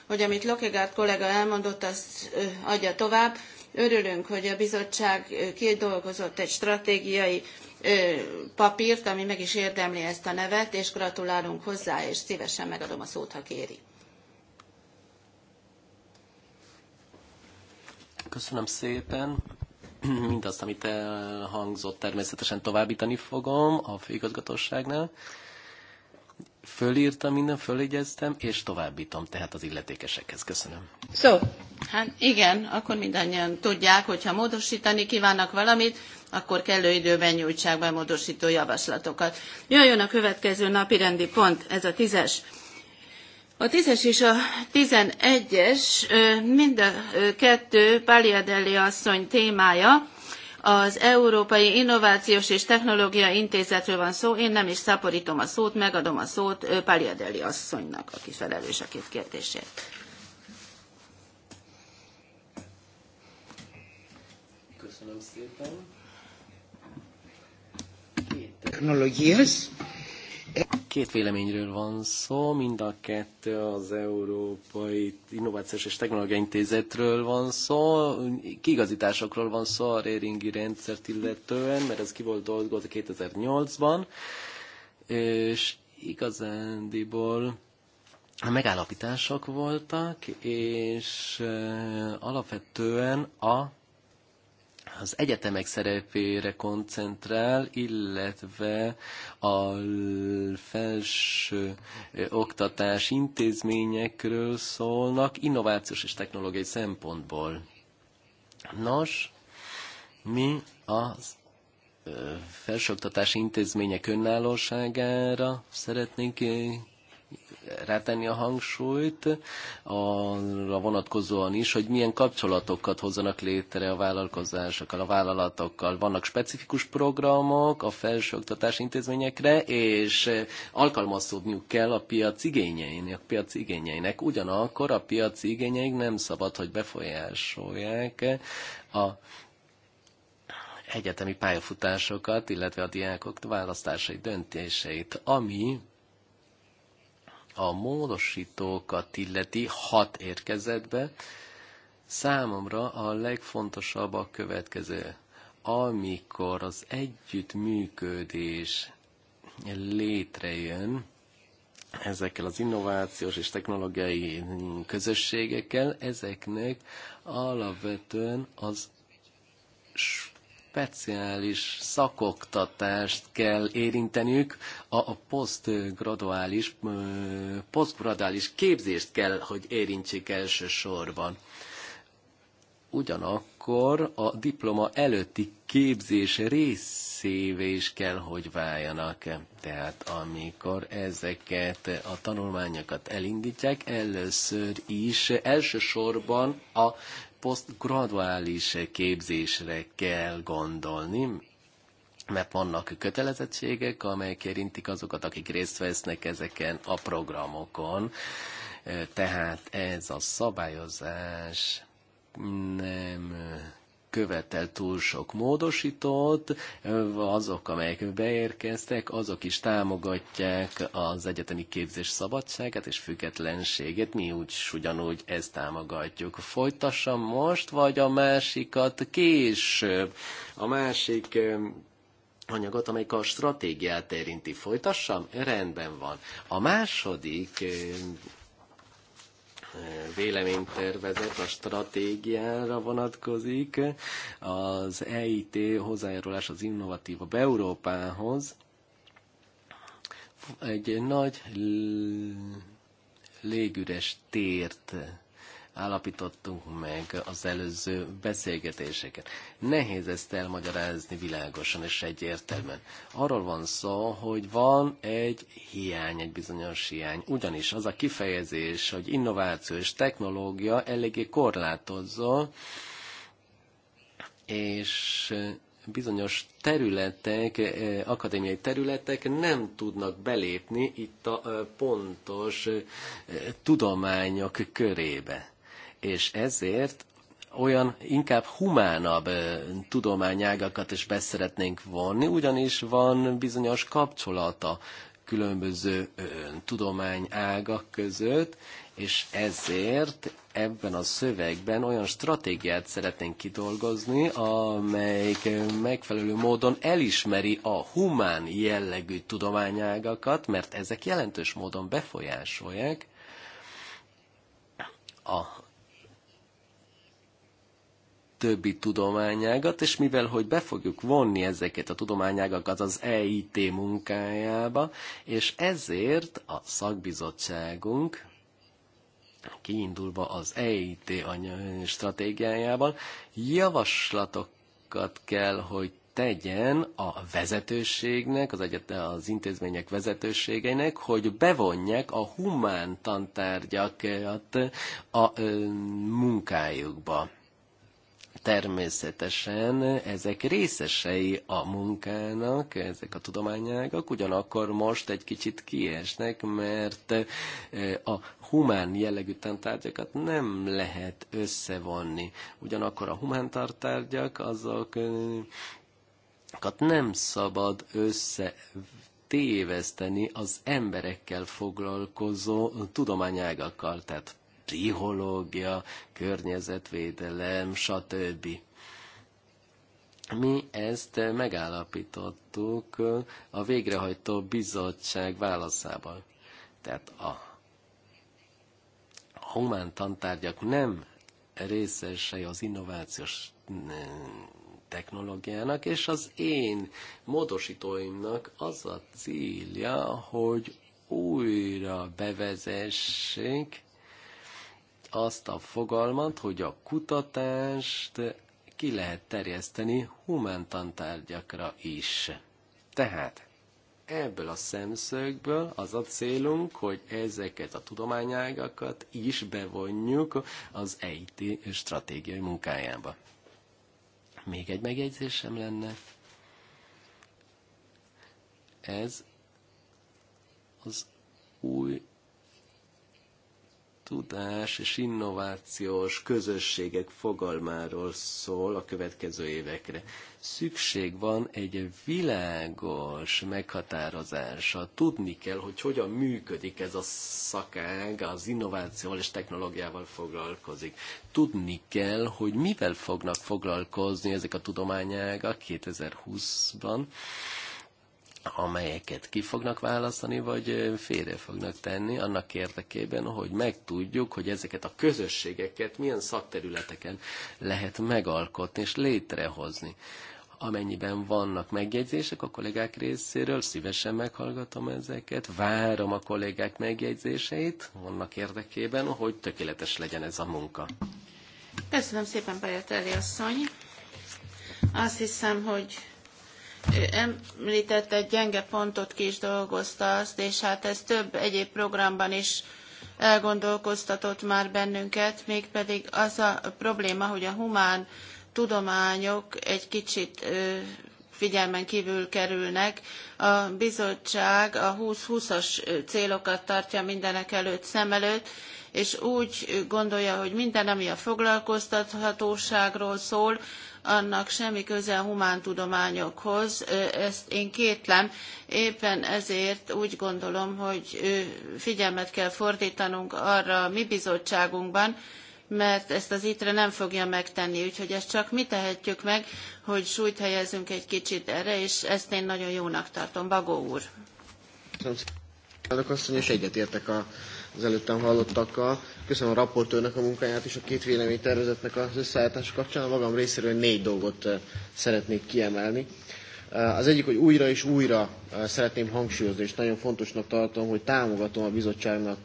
hogy amit Lokegárt kollega elmondott, azt ö, adja tovább. Örülünk, hogy a bizottság kidolgozott egy stratégiai ö, papírt, ami meg is érdemli ezt a nevet, és gratulálunk hozzá, és szívesen megadom a szót, ha kéri. Köszönöm szépen. <clears throat> mindazt, amit elhangzott, természetesen továbbítani fogom a főigazgatóságnál. Fölírtam minden, fölégyeztem és továbbítom tehát az illetékesekhez. Köszönöm. Szó, so, hát igen, akkor mindannyian tudják, hogyha módosítani kívánnak valamit, akkor kellő időben nyújtsák be módosító javaslatokat. Jöjjön a következő napi rendi pont, ez a tízes a 10 és a 11-es, mind a kettő Paliadelli asszony témája, az Európai Innovációs és technológia Intézetről van szó, én nem is szaporítom a szót, megadom a szót Paliadelli asszonynak, aki felelős a két kérdésért. Köszönöm szépen. Technológiás. Két véleményről van szó, mind a kettő az Európai Innovációs és Technológiai Intézetről van szó, kigazításokról van szó a Réringi rendszert illetően, mert ez ki volt dolgozva 2008-ban, és igazándiból megállapítások voltak, és eh, alapvetően a az egyetemek szerepére koncentrál, illetve a felső oktatás intézményekről szólnak innovációs és technológiai szempontból. Nos, mi az felsőoktatási intézmények önállóságára szeretnénk rátenni a hangsúlyt, arra vonatkozóan is, hogy milyen kapcsolatokat hozzanak létre a vállalkozásokkal, a vállalatokkal. Vannak specifikus programok a felsőoktatás intézményekre, és alkalmazkodniuk kell a piac igényeinek, a piac igényeinek. Ugyanakkor a piac igényeik nem szabad, hogy befolyásolják a egyetemi pályafutásokat, illetve a diákok választásai döntéseit, ami a módosítókat illeti hat érkezetbe, számomra a legfontosabb a következő. Amikor az együttműködés létrejön ezekkel az innovációs és technológiai közösségekkel, ezeknek alapvetően az speciális szakoktatást kell érinteniük, a posztgraduális, posztgraduális képzést kell, hogy érintsék elsősorban. Ugyanakkor a diploma előtti képzés részévé is kell, hogy váljanak. Tehát amikor ezeket a tanulmányokat elindítják, először is elsősorban a posztgraduális képzésre kell gondolni, mert vannak kötelezettségek, amelyek érintik azokat, akik részt vesznek ezeken a programokon. Tehát ez a szabályozás nem követel túl sok módosítót, azok, amelyek beérkeztek, azok is támogatják az egyetemi képzés szabadságát és függetlenséget, mi úgy ugyanúgy ezt támogatjuk. Folytassam most, vagy a másikat később? A másik anyagot, amelyik a stratégiát érinti. Folytassam? Rendben van. A második véleménytervezet a stratégiára vonatkozik, az EIT hozzájárulás az a Európához. Egy nagy légüres tért állapítottunk meg az előző beszélgetéseken. Nehéz ezt elmagyarázni világosan és egyértelműen. Arról van szó, hogy van egy hiány, egy bizonyos hiány. Ugyanis az a kifejezés, hogy innováció és technológia eléggé korlátozó, és bizonyos területek, eh, akadémiai területek nem tudnak belépni itt a eh, pontos eh, tudományok körébe és ezért olyan inkább humánabb tudományágakat is beszeretnénk vonni, ugyanis van bizonyos kapcsolata különböző tudományágak között, és ezért ebben a szövegben olyan stratégiát szeretnénk kidolgozni, amelyik megfelelő módon elismeri a humán jellegű tudományágakat, mert ezek jelentős módon befolyásolják a többi tudományágat, és mivel, hogy be fogjuk vonni ezeket a tudományágakat az EIT munkájába, és ezért a szakbizottságunk, kiindulva az EIT stratégiájával javaslatokat kell, hogy tegyen a vezetőségnek, az, egyet, az intézmények vezetőségeinek, hogy bevonják a humán tantárgyakat a munkájukba. Természetesen ezek részesei a munkának, ezek a tudományágak, ugyanakkor most egy kicsit kiesnek, mert e, a humán jellegű tantárgyakat nem lehet összevonni. Ugyanakkor a humán tantárgyak azok e, nem szabad össze téveszteni az emberekkel foglalkozó tudományágakkal. Tehát pszichológia, környezetvédelem, stb. Mi ezt megállapítottuk a végrehajtó bizottság válaszában. Tehát a humán tantárgyak nem részesei az innovációs mm, technológiának, és az én módosítóimnak az a célja, hogy újra bevezessék azt a fogalmat, hogy a kutatást ki lehet terjeszteni humántantárgyakra is. Tehát ebből a szemszögből az a célunk, hogy ezeket a tudományágakat is bevonjuk az EIT stratégiai munkájába. Még egy megjegyzésem lenne. Ez az új tudás és innovációs közösségek fogalmáról szól a következő évekre. Szükség van egy világos meghatározása. Tudni kell, hogy hogyan működik ez a szakág, az innovációval és technológiával foglalkozik. Tudni kell, hogy mivel fognak foglalkozni ezek a tudományágak 2020-ban, amelyeket ki fognak választani, vagy félre fognak tenni annak érdekében, hogy megtudjuk, hogy ezeket a közösségeket milyen szakterületeken lehet megalkotni és létrehozni. Amennyiben vannak megjegyzések a kollégák részéről, szívesen meghallgatom ezeket, várom a kollégák megjegyzéseit annak érdekében, hogy tökéletes legyen ez a munka. Köszönöm szépen, Pajateli asszony. Azt hiszem, hogy említett egy gyenge pontot ki is dolgozta azt, és hát ez több egyéb programban is elgondolkoztatott már bennünket, mégpedig az a probléma, hogy a humán tudományok egy kicsit figyelmen kívül kerülnek. A bizottság a 20-20-as célokat tartja mindenek előtt szem előtt, és úgy gondolja, hogy minden, ami a foglalkoztathatóságról szól, annak semmi köze a humántudományokhoz, ezt én kétlem, éppen ezért úgy gondolom, hogy figyelmet kell fordítanunk arra a mi bizottságunkban, mert ezt az ITRE nem fogja megtenni, úgyhogy ezt csak mi tehetjük meg, hogy súlyt helyezünk egy kicsit erre, és ezt én nagyon jónak tartom. Bagó úr. Köszönöm szépen, és egyetértek a az előttem hallottakkal. Köszönöm a raportőrnek a munkáját és a két tervezetnek az összeállítás kapcsán. A magam részéről négy dolgot szeretnék kiemelni. Az egyik, hogy újra és újra szeretném hangsúlyozni, és nagyon fontosnak tartom, hogy támogatom a bizottságnak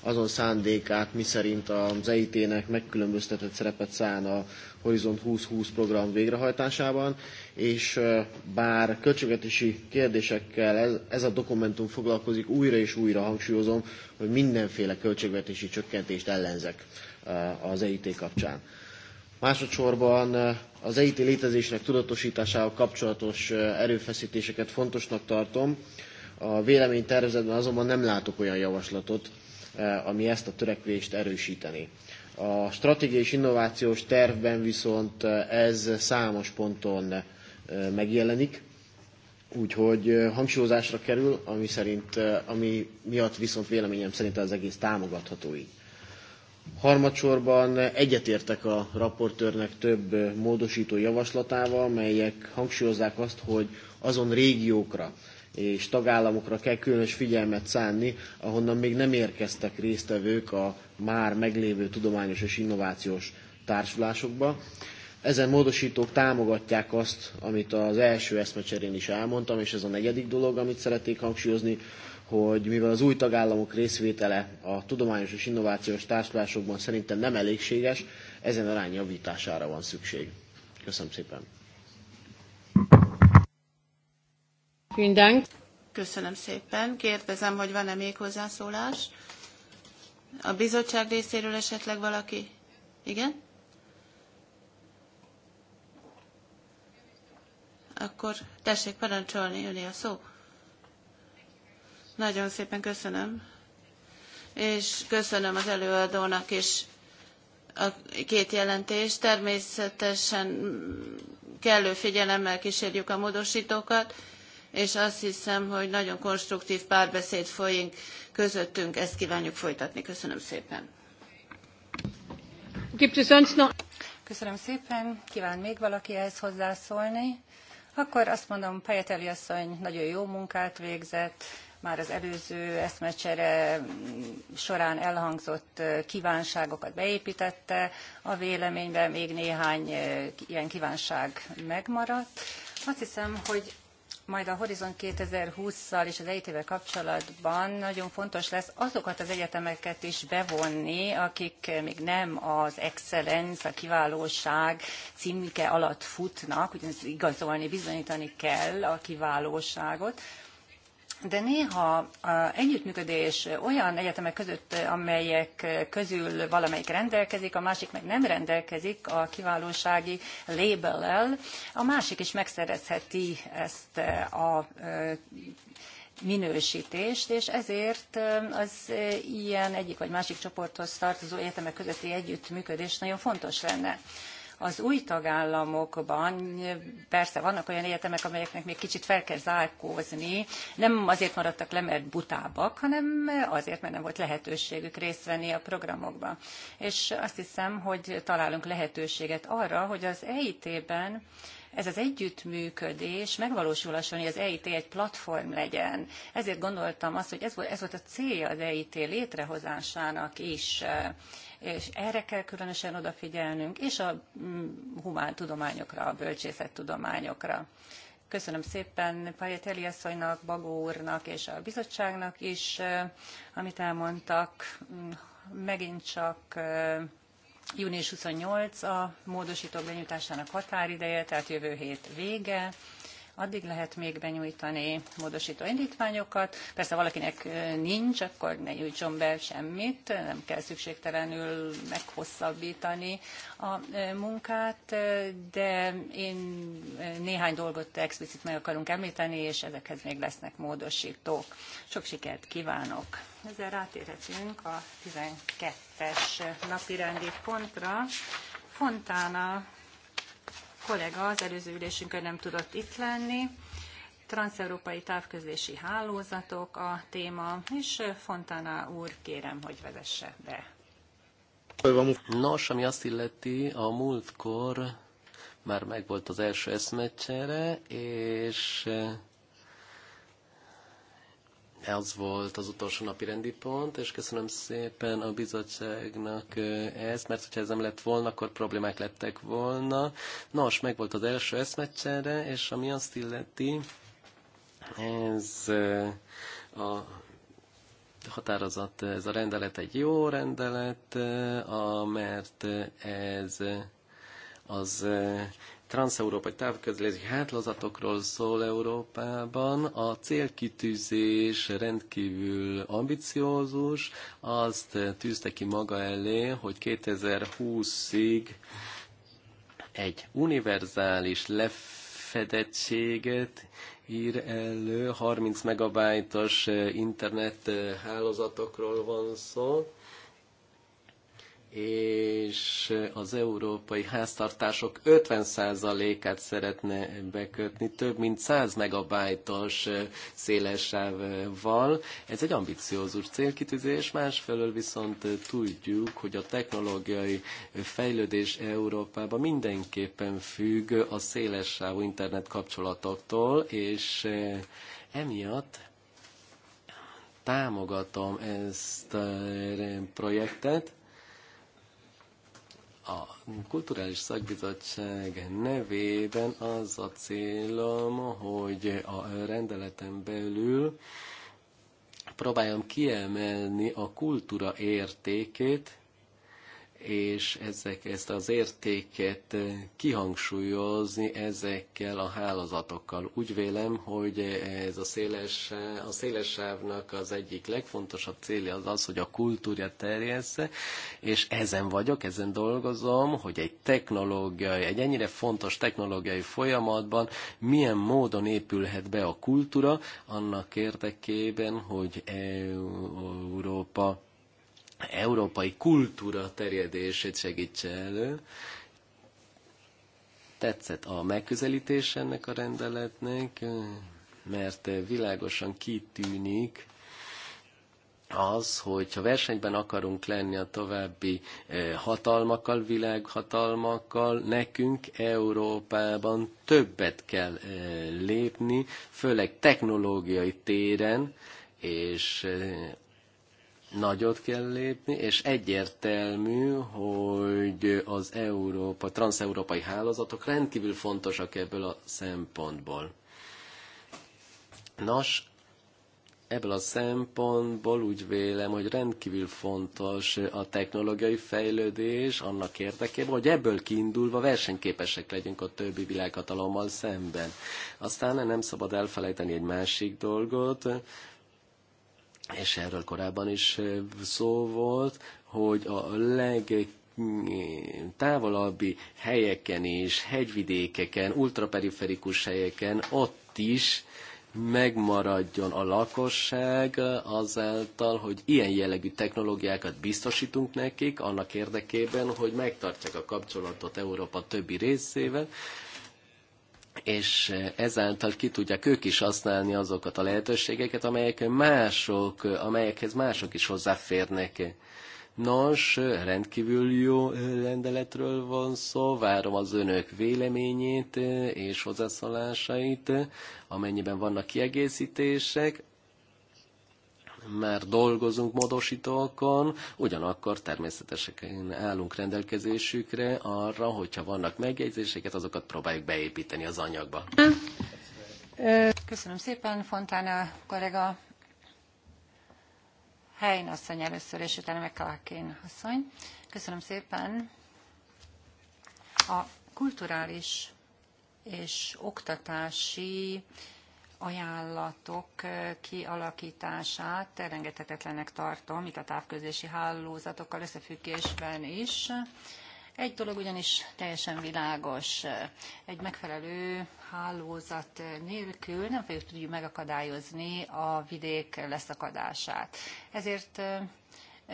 azon szándékát, miszerint az EIT-nek megkülönböztetett szerepet szán a Horizont 2020 program végrehajtásában, és bár költségvetési kérdésekkel ez, ez a dokumentum foglalkozik, újra és újra hangsúlyozom, hogy mindenféle költségvetési csökkentést ellenzek az EIT kapcsán. Másodszorban az EIT létezésnek tudatosításával kapcsolatos erőfeszítéseket fontosnak tartom. A véleménytervezetben azonban nem látok olyan javaslatot, ami ezt a törekvést erősítené. A stratégiai és innovációs tervben viszont eh, ez számos ponton eh, megjelenik, úgyhogy eh, hangsúlyozásra kerül, ami, szerint, ami miatt viszont véleményem szerint az egész támogatható így. Harmadsorban egyetértek a raportőrnek több módosító javaslatával, melyek hangsúlyozzák azt, hogy azon régiókra, és tagállamokra kell különös figyelmet szánni, ahonnan még nem érkeztek résztvevők a már meglévő tudományos és innovációs társulásokba. Ezen módosítók támogatják azt, amit az első eszmecserén is elmondtam, és ez a negyedik dolog, amit szeretnék hangsúlyozni, hogy mivel az új tagállamok részvétele a tudományos és innovációs társulásokban szerintem nem elégséges, ezen arány javítására van szükség. Köszönöm szépen! Köszönöm szépen. Kérdezem, hogy van-e még hozzászólás? A bizottság részéről esetleg valaki? Igen? Akkor tessék parancsolni, jönni a szó. Nagyon szépen köszönöm. És köszönöm az előadónak is a két jelentés. Természetesen kellő figyelemmel kísérjük a módosítókat és azt hiszem, hogy nagyon konstruktív párbeszéd folyik közöttünk, ezt kívánjuk folytatni. Köszönöm szépen. Köszönöm szépen. Kíván még valaki ehhez hozzászólni? Akkor azt mondom, Pajeteli asszony nagyon jó munkát végzett, már az előző eszmecsere során elhangzott kívánságokat beépítette a véleménybe, még néhány ilyen kívánság megmaradt. Azt hiszem, hogy majd a Horizon 2020-szal és az EIT-vel kapcsolatban nagyon fontos lesz azokat az egyetemeket is bevonni, akik még nem az excellence, a kiválóság címke alatt futnak, ugyanis igazolni, bizonyítani kell a kiválóságot, de néha a együttműködés olyan egyetemek között, amelyek közül valamelyik rendelkezik, a másik meg nem rendelkezik a kiválósági labellel, a másik is megszerezheti ezt a minősítést, és ezért az ilyen egyik vagy másik csoporthoz tartozó egyetemek közötti együttműködés nagyon fontos lenne. Az új tagállamokban persze vannak olyan egyetemek, amelyeknek még kicsit fel kell zárkózni. Nem azért maradtak le, mert butábbak, hanem azért, mert nem volt lehetőségük részt venni a programokban. És azt hiszem, hogy találunk lehetőséget arra, hogy az EIT-ben ez az együttműködés megvalósulhasson, hogy az EIT egy platform legyen. Ezért gondoltam azt, hogy ez volt, ez volt a célja az EIT létrehozásának is és erre kell különösen odafigyelnünk, és a mm, humán tudományokra, a bölcsészettudományokra. Köszönöm szépen Pajet Eliasszonynak, Bagó úrnak és a bizottságnak is, amit elmondtak. Megint csak június 28 a módosítók benyújtásának határideje, tehát jövő hét vége addig lehet még benyújtani módosító indítványokat. Persze valakinek nincs, akkor ne nyújtson be semmit, nem kell szükségtelenül meghosszabbítani a munkát, de én néhány dolgot explicit meg akarunk említeni, és ezekhez még lesznek módosítók. Sok sikert kívánok! Ezzel rátérhetünk a 12-es napirendi pontra. Fontána kollega az előző ülésünkön nem tudott itt lenni. Transeurópai távközlési hálózatok a téma, és Fontana úr kérem, hogy vezesse be. Nos, ami azt illeti, a múltkor már megvolt az első eszmecsere, és ez volt az utolsó napi rendi pont, és köszönöm szépen a bizottságnak ezt, mert hogyha ez nem lett volna, akkor problémák lettek volna. Nos, meg volt az első eszmecsere, és ami azt illeti, ez a határozat, ez a rendelet egy jó rendelet, mert ez az transzeurópai távközlési hátlazatokról szól Európában. A célkitűzés rendkívül ambiciózus, azt tűzte ki maga elé, hogy 2020-ig egy univerzális lefedettséget ír elő, 30 megabájtos internet hálózatokról van szó, és az európai háztartások 50%-át szeretne bekötni, több mint 100 megabájtos szélessávval. Ez egy ambiciózus célkitűzés, másfelől viszont tudjuk, hogy a technológiai fejlődés Európában mindenképpen függ a szélessávú internet kapcsolatoktól, és emiatt támogatom ezt a projektet, a Kulturális Szakbizottság nevében az a célom, hogy a rendeleten belül próbáljam kiemelni a kultúra értékét, és ezek ezt az értéket kihangsúlyozni ezekkel a hálózatokkal. Úgy vélem, hogy ez a széles, a széles sávnak az egyik legfontosabb célja az az, hogy a kultúrja terjessze, és ezen vagyok, ezen dolgozom, hogy egy technológiai, egy ennyire fontos technológiai folyamatban milyen módon épülhet be a kultúra annak érdekében, hogy Európa európai kultúra terjedését segítse elő. Tetszett a megközelítés ennek a rendeletnek, mert világosan kitűnik, az, hogyha versenyben akarunk lenni a további eh, hatalmakkal, világhatalmakkal, nekünk Európában többet kell eh, lépni, főleg technológiai téren, és eh, nagyot kell lépni, és egyértelmű, hogy az Európa, transeurópai hálózatok rendkívül fontosak ebből a szempontból. Nos, ebből a szempontból úgy vélem, hogy rendkívül fontos a technológiai fejlődés annak érdekében, hogy ebből kiindulva versenyképesek legyünk a többi világhatalommal szemben. Aztán nem szabad elfelejteni egy másik dolgot, és erről korábban is szó volt, hogy a leg mm, távolabbi helyeken és hegyvidékeken, ultraperiferikus helyeken, ott is megmaradjon a lakosság azáltal, hogy ilyen jellegű technológiákat biztosítunk nekik annak érdekében, hogy megtartják a kapcsolatot Európa többi részével, és eh, ezáltal ki tudják ők is használni azokat a lehetőségeket, amelyek mások, amelyekhez mások is hozzáférnek. Nos, rendkívül jó eh, rendeletről van szó, várom az önök véleményét eh, és hozzászólásait, amennyiben vannak kiegészítések, már dolgozunk módosítókon, ugyanakkor természetesen állunk rendelkezésükre arra, hogyha vannak megjegyzéseket, azokat próbáljuk beépíteni az anyagba. Köszönöm szépen, Fontána kollega. Helyen asszony először, és utána McClarkin asszony. Köszönöm szépen. A kulturális és oktatási ajánlatok kialakítását rengetetetlenek tartom, itt a távközlési hálózatokkal összefüggésben is. Egy dolog ugyanis teljesen világos. Egy megfelelő hálózat nélkül nem fogjuk tudjuk megakadályozni a vidék leszakadását. Ezért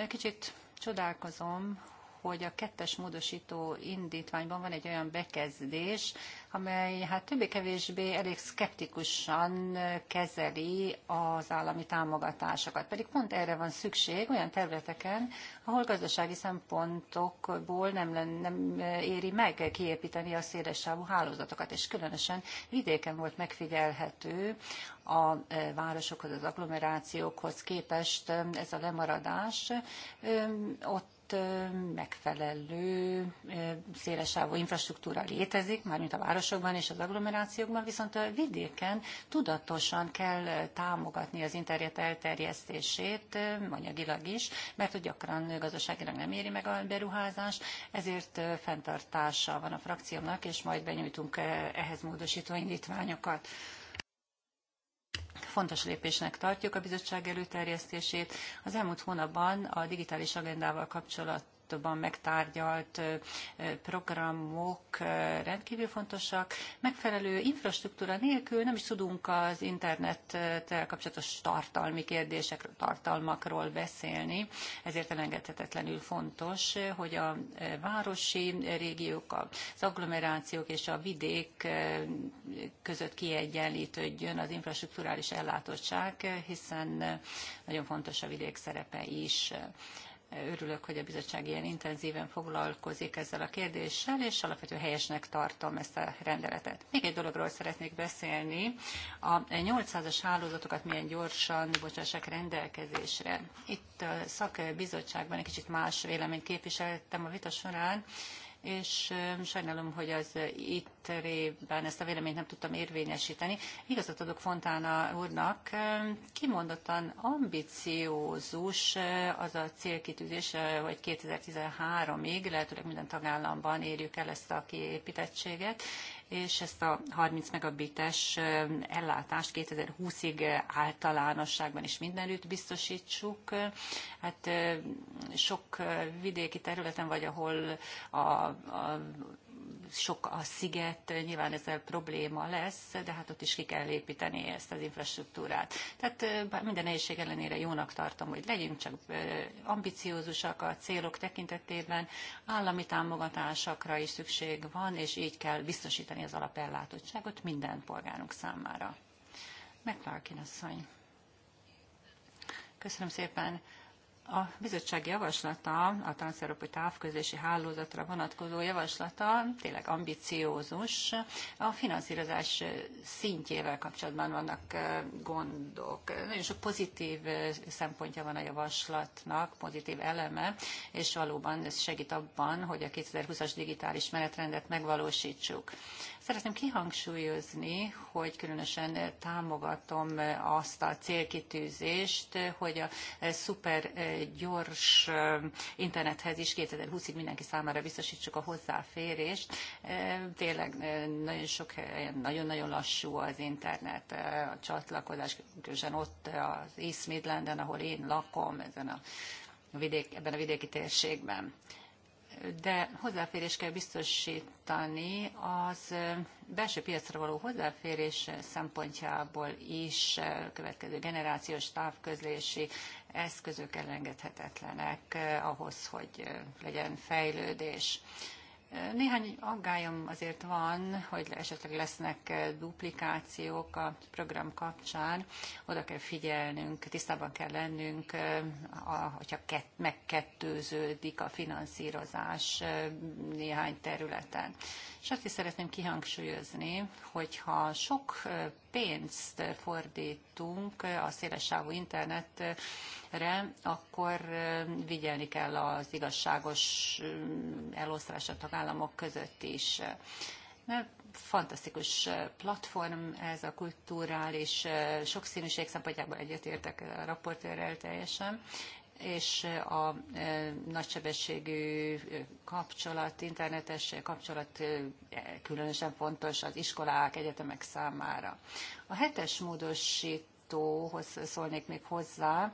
kicsit csodálkozom, hogy a kettes módosító indítványban van egy olyan bekezdés, amely hát többé-kevésbé elég szkeptikusan kezeli az állami támogatásokat. Pedig pont erre van szükség olyan területeken, ahol gazdasági szempontokból nem, lenne, nem éri meg kiépíteni a szélesávú hálózatokat, és különösen vidéken volt megfigyelhető a e, városokhoz, az agglomerációkhoz képest e, ez a lemaradás. Ott ott megfelelő szélesávú infrastruktúra létezik, mármint a városokban és az agglomerációkban, viszont a vidéken tudatosan kell támogatni az internet elterjesztését, anyagilag is, mert hogy gyakran gazdaságilag nem éri meg a beruházás, ezért fenntartása van a frakciónak, és majd benyújtunk ehhez módosító indítványokat fontos lépésnek tartjuk a bizottság előterjesztését. Az elmúlt hónapban a digitális agendával kapcsolat csoportban megtárgyalt programok rendkívül fontosak. Megfelelő infrastruktúra nélkül nem is tudunk az internettel kapcsolatos tartalmi kérdésekről, tartalmakról beszélni, ezért elengedhetetlenül fontos, hogy a városi régiók, az agglomerációk és a vidék között kiegyenlítődjön az infrastruktúrális ellátottság, hiszen nagyon fontos a vidék szerepe is örülök, hogy a bizottság ilyen intenzíven foglalkozik ezzel a kérdéssel, és alapvetően helyesnek tartom ezt a rendeletet. Még egy dologról szeretnék beszélni. A 800-as hálózatokat milyen gyorsan bocsássák rendelkezésre. Itt a szakbizottságban egy kicsit más véleményt képviseltem a vita során, és sajnálom, hogy az rében ezt a véleményt nem tudtam érvényesíteni. Igazat adok Fontána úrnak, kimondottan ambiciózus az a célkitűzés, hogy 2013-ig lehetőleg minden tagállamban érjük el ezt a kiépítettséget, és ezt a 30 megabites eh, ellátást 2020-ig általánosságban is mindenütt biztosítsuk. Hát eh, sok eh, vidéki területen vagy, ahol a, a sok a sziget, nyilván a probléma lesz, de hát ott is ki kell építeni ezt az infrastruktúrát. Tehát minden nehézség ellenére jónak tartom, hogy legyünk csak ambiciózusak a célok tekintetében, állami támogatásakra is szükség van, és így kell biztosítani az alapellátottságot minden polgárunk számára. McClarkin asszony. Köszönöm szépen. A bizottság javaslata, a transzeurópai távközlési hálózatra vonatkozó javaslata tényleg ambiciózus. A finanszírozás szintjével kapcsolatban vannak gondok. Nagyon sok pozitív szempontja van a javaslatnak, pozitív eleme, és valóban ez segít abban, hogy a 2020-as digitális menetrendet megvalósítsuk. Szeretném kihangsúlyozni, hogy különösen támogatom azt a célkitűzést, hogy a szuper gyors internethez is 2020-ig mindenki számára biztosítsuk a hozzáférést. Tényleg nagyon sok helyen nagyon-nagyon lassú az internet, a csatlakozás, különösen ott az East Midlanden, ahol én lakom, ezen a vidék, ebben a vidéki térségben de hozzáférés kell biztosítani az belső piacra való hozzáférés szempontjából is következő generációs távközlési eszközök elengedhetetlenek ahhoz, hogy legyen fejlődés. Néhány aggályom azért van, hogy esetleg lesznek eh, duplikációk a program kapcsán. Oda kell figyelnünk, tisztában kell lennünk, eh, hogyha megkettőződik a finanszírozás eh, néhány területen. És azt is szeretném kihangsúlyozni, hogyha sok pénzt fordítunk a szélessávú internetre, akkor vigyelni kell az igazságos elosztás a tagállamok között is. Mert fantasztikus platform ez a kulturális sokszínűség szempontjából egyetértek a raportőrrel teljesen, és a e, nagysebességű e, kapcsolat, internetes kapcsolat e, különösen fontos az iskolák, egyetemek számára. A hetes módosítóhoz szólnék még hozzá,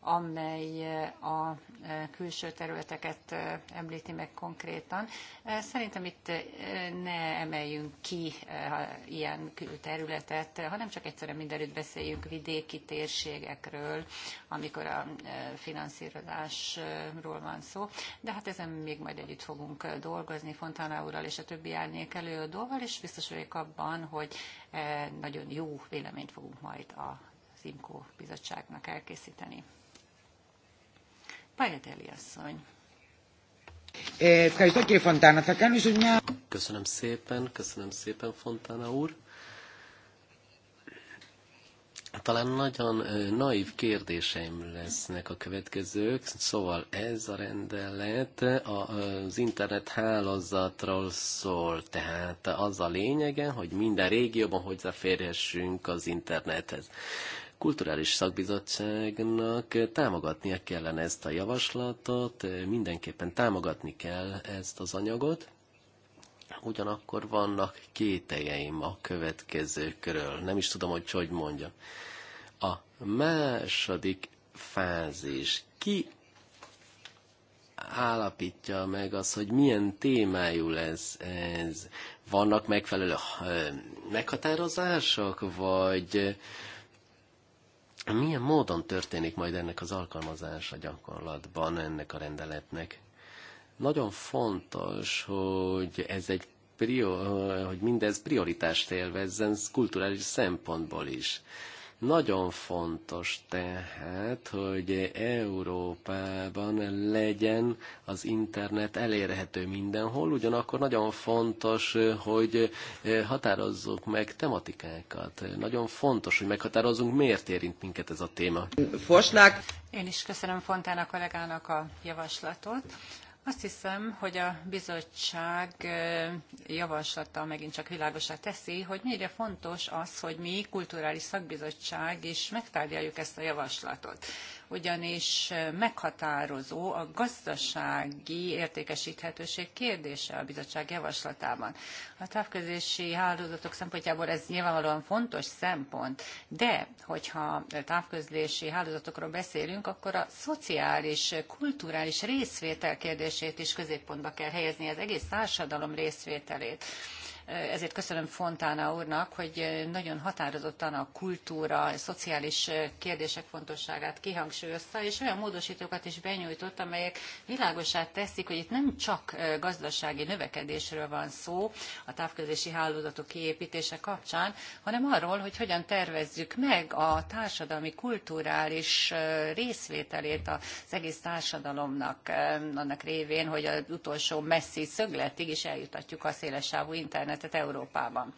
amely eh, a eh, külső területeket eh, említi meg konkrétan. Szerintem itt ne emeljünk ki ilyen külterületet, hanem csak egyszerűen mindenütt beszéljünk vidéki térségekről, amikor a finanszírozásról van szó. De hát ezen még majd együtt fogunk dolgozni Fontana úrral és a többi árnyék előadóval, és biztos vagyok abban, hogy nagyon jó véleményt fogunk majd a az IMCO bizottságnak elkészíteni. Pajneteli asszony. Köszönöm szépen, köszönöm szépen, Fontana úr. Talán nagyon naív kérdéseim lesznek a következők. Szóval ez a rendelet az internet hálózatról szól, tehát az a lényege, hogy minden régióban hozzáférhessünk az internethez kulturális szakbizottságnak támogatnia kellene ezt a javaslatot, mindenképpen támogatni kell ezt az anyagot, ugyanakkor vannak kételjeim a következőkről. Nem is tudom, hogy hogy mondjam. A második fázis. Ki állapítja meg az, hogy milyen témájú lesz ez? Vannak megfelelő meghatározások, vagy milyen módon történik majd ennek az alkalmazása gyakorlatban ennek a rendeletnek? Nagyon fontos, hogy ez egy prior, hogy mindez prioritást élvezzen kulturális szempontból is. Nagyon fontos tehát, hogy Európában legyen az internet elérhető mindenhol, ugyanakkor nagyon fontos, hogy eh, határozzuk meg tematikákat. Nagyon fontos, hogy meghatározzunk, miért érint minket ez a téma. Forslák. Én is köszönöm Fontán a kollégának a javaslatot. Azt hiszem, hogy a bizottság javaslata megint csak világosá teszi, hogy mennyire fontos az, hogy mi kulturális szakbizottság is megtárgyaljuk ezt a javaslatot. Ugyanis meghatározó a gazdasági értékesíthetőség kérdése a bizottság javaslatában. A távközési hálózatok szempontjából ez nyilvánvalóan fontos szempont, de hogyha távközlési hálózatokról beszélünk, akkor a szociális, kulturális részvétel kérdése kérdését is középpontba kell helyezni, az egész társadalom részvételét. Ezért köszönöm Fontána úrnak, hogy nagyon határozottan a kultúra, a szociális kérdések fontosságát kihangsúlyozta, és olyan módosítókat is benyújtott, amelyek világossá teszik, hogy itt nem csak gazdasági növekedésről van szó a távközlési hálózatok kiépítése kapcsán, hanem arról, hogy hogyan tervezzük meg a társadalmi kulturális részvételét az egész társadalomnak annak révén, hogy az utolsó messzi szögletig is eljutatjuk a szélesávú internet üzemeltet Európában.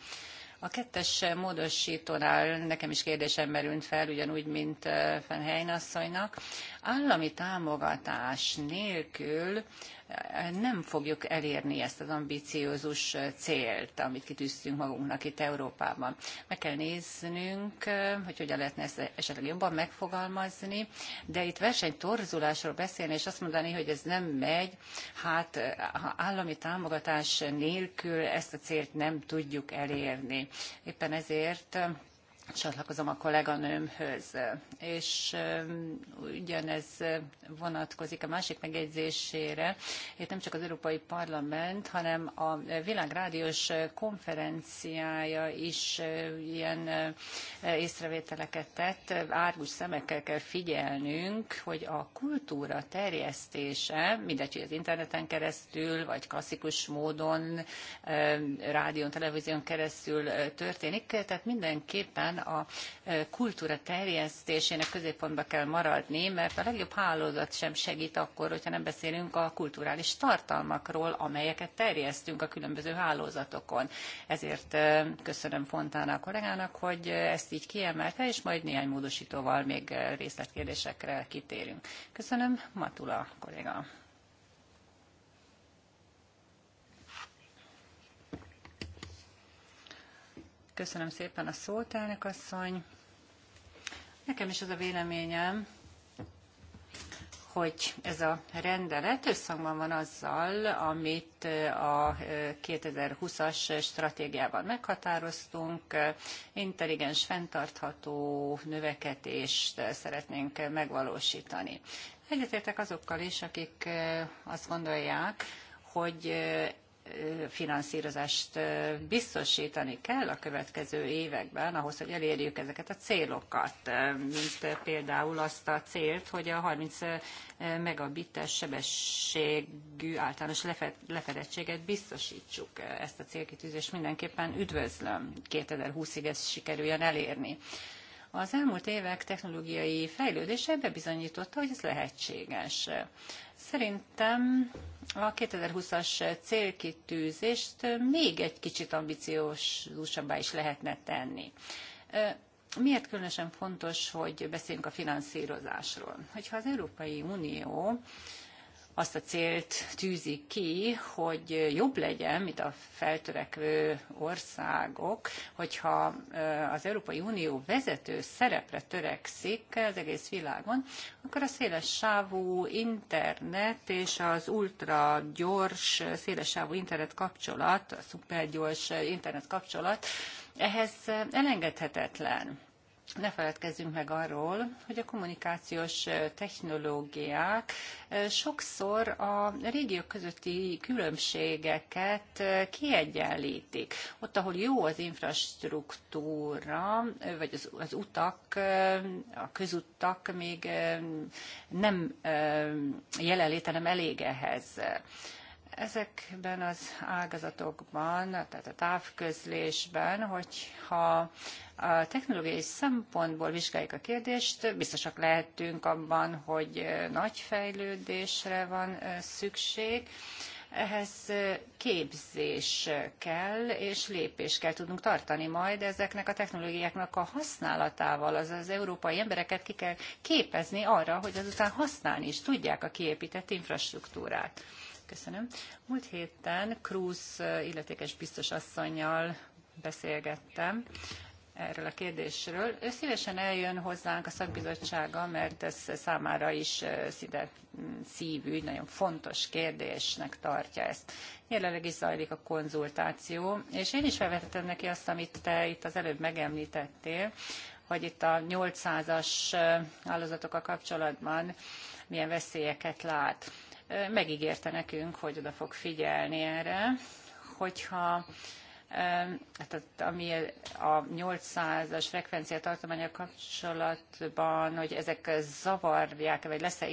A kettes módosítónál nekem is kérdésem merült fel, ugyanúgy, mint Fenhein eh, asszonynak. Állami támogatás nélkül nem fogjuk elérni ezt az ambiciózus célt, amit kitűztünk magunknak itt Európában. Meg kell néznünk, hogy hogyan lehetne ezt esetleg jobban megfogalmazni, de itt versenytorzulásról beszélni, és azt mondani, hogy ez nem megy, hát ha állami támogatás nélkül ezt a célt nem tudjuk elérni. Éppen ezért csatlakozom a kolléganőmhöz. És ugyanez vonatkozik a másik megjegyzésére. Itt nem csak az Európai Parlament, hanem a világrádiós konferenciája is ilyen észrevételeket tett. Árgus szemekkel kell figyelnünk, hogy a kultúra terjesztése, mindegy, hogy az interneten keresztül, vagy klasszikus módon, rádión, televízión keresztül történik, tehát mindenképpen a e, kultúra terjesztésének középpontba kell maradni, mert a legjobb hálózat sem segít akkor, hogyha nem beszélünk a kulturális tartalmakról, amelyeket terjesztünk a különböző hálózatokon. Ezért e, köszönöm Fontána a kollégának, hogy ezt így kiemelte, és majd néhány módosítóval még részletkérdésekre kitérünk. Köszönöm, Matula kolléga. Köszönöm szépen a szót, elnök asszony. Nekem is az a véleményem, hogy ez a rendelet összhangban van azzal, amit a 2020-as stratégiában meghatároztunk. Intelligens, fenntartható növekedést szeretnénk megvalósítani. Egyetértek azokkal is, akik azt gondolják, hogy finanszírozást biztosítani kell a következő években, ahhoz, hogy elérjük ezeket a célokat, mint például azt a célt, hogy a 30 megabites sebességű általános lefedettséget biztosítsuk. Ezt a célkitűzést mindenképpen üdvözlöm, 2020-ig ezt sikerüljön elérni. Az elmúlt évek technológiai fejlődése bebizonyította, hogy ez lehetséges. Szerintem a 2020-as célkitűzést még egy kicsit ambiciózusabbá is lehetne tenni. Miért különösen fontos, hogy beszéljünk a finanszírozásról? Hogyha az Európai Unió azt a célt tűzi ki, hogy jobb legyen, mint a feltörekvő országok, hogyha az Európai Unió vezető szerepre törekszik az egész világon, akkor a széles sávú internet és az ultra gyors széles sávú internet kapcsolat, a szupergyors internet kapcsolat ehhez elengedhetetlen ne feledkezzünk meg arról, hogy a kommunikációs technológiák sokszor a régiók közötti különbségeket kiegyenlítik. Ott, ahol jó az infrastruktúra, vagy az, az utak, a közutak még nem jelenléte nem elég ehhez. Ezekben az ágazatokban, tehát a távközlésben, hogyha a technológiai szempontból vizsgáljuk a kérdést, biztosak lehetünk abban, hogy nagy fejlődésre van szükség. Ehhez képzés kell, és lépés kell tudnunk tartani majd ezeknek a technológiáknak a használatával, azaz az európai embereket ki kell képezni arra, hogy azután használni is tudják a kiépített infrastruktúrát. Köszönöm. Múlt héten Cruz illetékes biztos asszonynal beszélgettem erről a kérdésről. Ő szívesen eljön hozzánk a szakbizottsága, mert ez számára is szide mm, szívű, nagyon fontos kérdésnek tartja ezt. Jelenleg is zajlik a konzultáció, és én is felvetettem neki azt, amit te itt az előbb megemlítettél, hogy itt a 800-as a kapcsolatban milyen veszélyeket lát megígérte nekünk, hogy oda fog figyelni erre, hogyha tehát ami a 800-as frekvencia kapcsolatban, hogy ezek zavarják, vagy lesz-e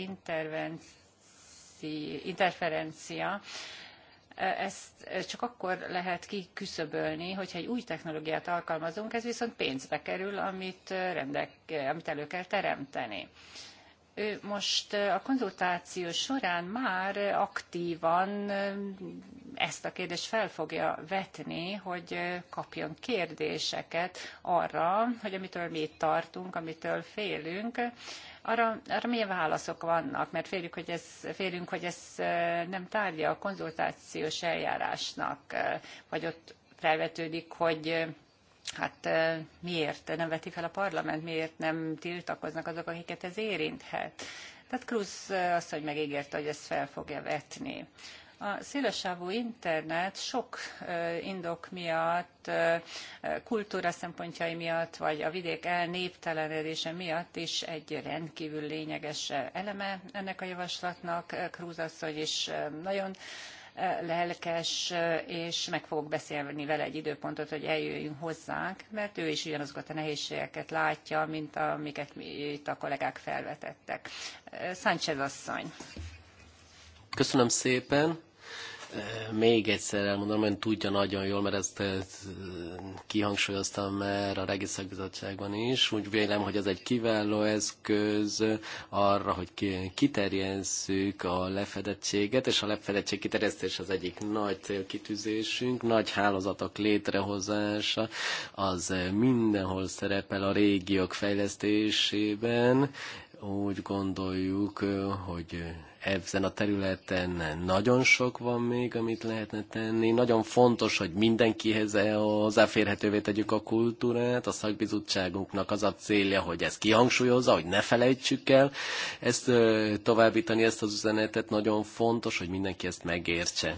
interferencia, ezt csak akkor lehet kiküszöbölni, hogyha egy új technológiát alkalmazunk, ez viszont pénzbe kerül, amit, rendek, amit elő kell teremteni ő most a konzultáció során már aktívan ezt a kérdést fel fogja vetni, hogy kapjon kérdéseket arra, hogy amitől mi tartunk, amitől félünk, arra, arra milyen válaszok vannak, mert félünk, hogy ez, félünk, hogy ez nem tárgya a konzultációs eljárásnak, vagy ott felvetődik, hogy hát miért nem veti fel a parlament, miért nem tiltakoznak azok, akiket ez érinthet. Tehát Cruz azt, hogy megígérte, hogy ezt fel fogja vetni. A szélesávú internet sok indok miatt, kultúra szempontjai miatt, vagy a vidék elnéptelenedése miatt is egy rendkívül lényeges eleme ennek a javaslatnak. Krúz asszony is nagyon lelkes, és meg fogok beszélni vele egy időpontot, hogy eljöjjünk hozzánk, mert ő is ugyanazokat a nehézségeket látja, mint amiket mi itt a kollégák felvetettek. Sánchez asszony. Köszönöm szépen még egyszer elmondom, mert tudja nagyon jól, mert ezt eh, kihangsúlyoztam már a Regiszakbizottságban is. Úgy vélem, hogy ez egy kiváló eszköz arra, hogy kiterjesszük a lefedettséget, és a lefedettség kiterjesztés az egyik nagy célkitűzésünk, nagy hálózatok létrehozása, az eh, mindenhol szerepel a régiók fejlesztésében. Úgy gondoljuk, eh, hogy ezen a területen nagyon sok van még, amit lehetne tenni. Nagyon fontos, hogy mindenkihez e hozzáférhetővé tegyük a kultúrát. A szakbizottságunknak az a célja, hogy ezt kihangsúlyozza, hogy ne felejtsük el. Ezt továbbítani, ezt az üzenetet nagyon fontos, hogy mindenki ezt megértse.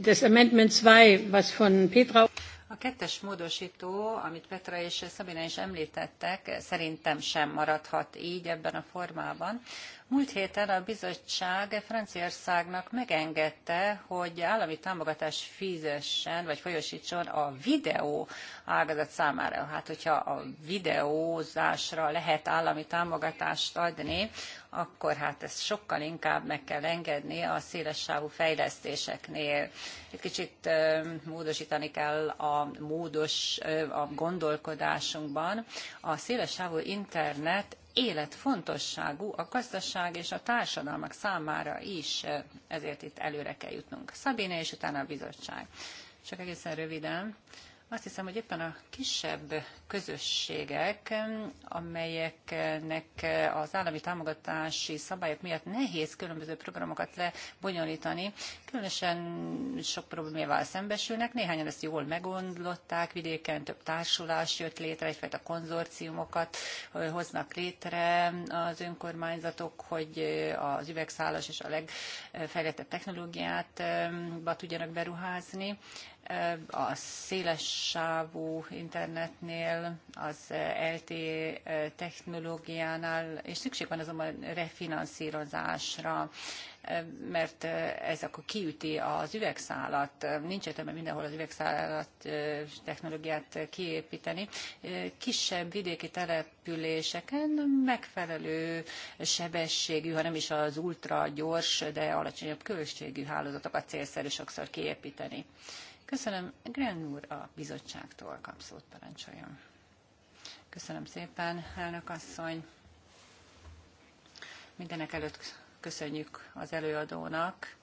Das Amendment 2, was von Petra... A kettes módosító, amit Petra és Szabina is említettek, szerintem sem maradhat így ebben a formában. Múlt héten a bizottság Franciaországnak megengedte, hogy állami támogatást fizessen, vagy folyosítson a videó ágazat számára. Hát, hogyha a videózásra lehet állami támogatást adni, akkor hát ezt sokkal inkább meg kell engedni a szélessávú fejlesztéseknél. Egy kicsit módosítani kell a módos a gondolkodásunkban. A szélessávú internet életfontosságú a gazdaság és a társadalmak számára is, ezért itt előre kell jutnunk. Szabine és utána a bizottság. Csak egészen röviden, azt hiszem, hogy éppen a kisebb közösségek, amelyeknek az állami támogatási szabályok miatt nehéz különböző programokat lebonyolítani, különösen sok problémával szembesülnek. Néhányan ezt jól megondlották, vidéken több társulás jött létre, egyfajta konzorciumokat hoznak létre az önkormányzatok, hogy az üvegszálas és a legfejlettebb technológiát eh, tudjanak beruházni a széles sávú internetnél, az LTE technológiánál, és szükség van azonban refinanszírozásra, mert ez akkor kiüti az üvegszálat. Nincs értelme mindenhol az üvegszálat technológiát kiépíteni. Kisebb vidéki településeken megfelelő sebességű, ha nem is az ultra gyors, de alacsonyabb költségű hálózatokat célszerű sokszor kiépíteni. Köszönöm. Grand úr a bizottságtól kapszót parancsoljon. Köszönöm szépen, elnök asszony. Mindenek előtt köszönjük az előadónak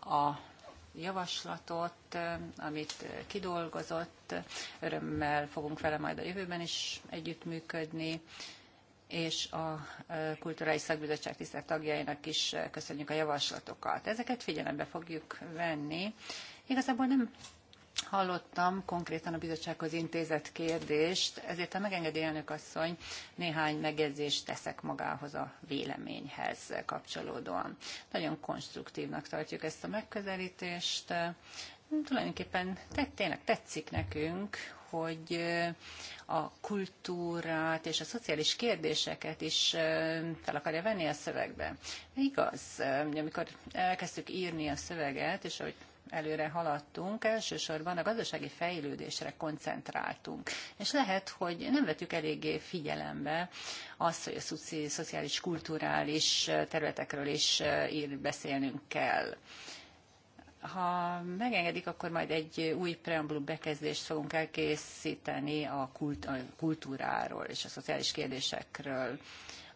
a javaslatot, amit kidolgozott. Örömmel fogunk vele majd a jövőben is együttműködni, és a e, Kulturális Szakbizottság tisztelt tagjainak is e, köszönjük a javaslatokat. Ezeket figyelembe fogjuk venni. Igazából nem hallottam konkrétan a bizottsághoz intézett kérdést, ezért ha megengedi elnök asszony, néhány megjegyzést teszek magához a véleményhez kapcsolódóan. Nagyon konstruktívnak tartjuk ezt a megközelítést, tulajdonképpen tényleg tetszik nekünk, hogy a kultúrát és a szociális kérdéseket is fel akarja venni a szövegbe. Igaz, amikor elkezdtük írni a szöveget, és ahogy előre haladtunk, elsősorban a gazdasági fejlődésre koncentráltunk. És lehet, hogy nem vettük eléggé figyelembe azt, hogy a szociális, kulturális területekről is ír, beszélnünk kell. Ha megengedik, akkor majd egy új preambulum bekezdést fogunk elkészíteni a, kult, a kultúráról és a szociális kérdésekről.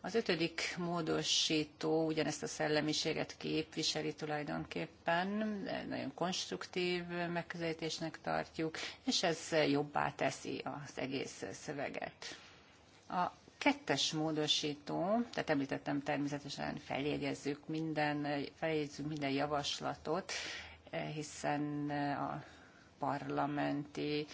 Az ötödik módosító ugyanezt a szellemiséget képviseli tulajdonképpen, nagyon konstruktív megközelítésnek tartjuk, és ez jobbá teszi az egész szöveget. A kettes módosító, tehát említettem természetesen feljegyezzük minden, feljegyezzük minden javaslatot, hiszen a parlamenti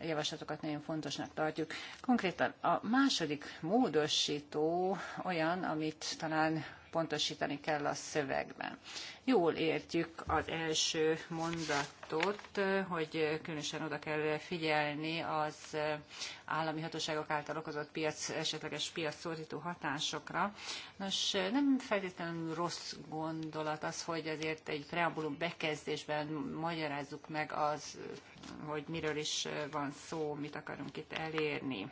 javaslatokat nagyon fontosnak tartjuk. Konkrétan a második módosító olyan, amit talán pontosítani kell a szövegben. Jól értjük az első mondatot, hogy különösen oda kell figyelni az állami hatóságok által okozott piac, esetleges szorító hatásokra. Nos, nem feltétlenül rossz gondolat az, hogy azért egy preambulum bekezdésben magyarázzuk meg az, hogy miről is van szó, mit akarunk itt elérni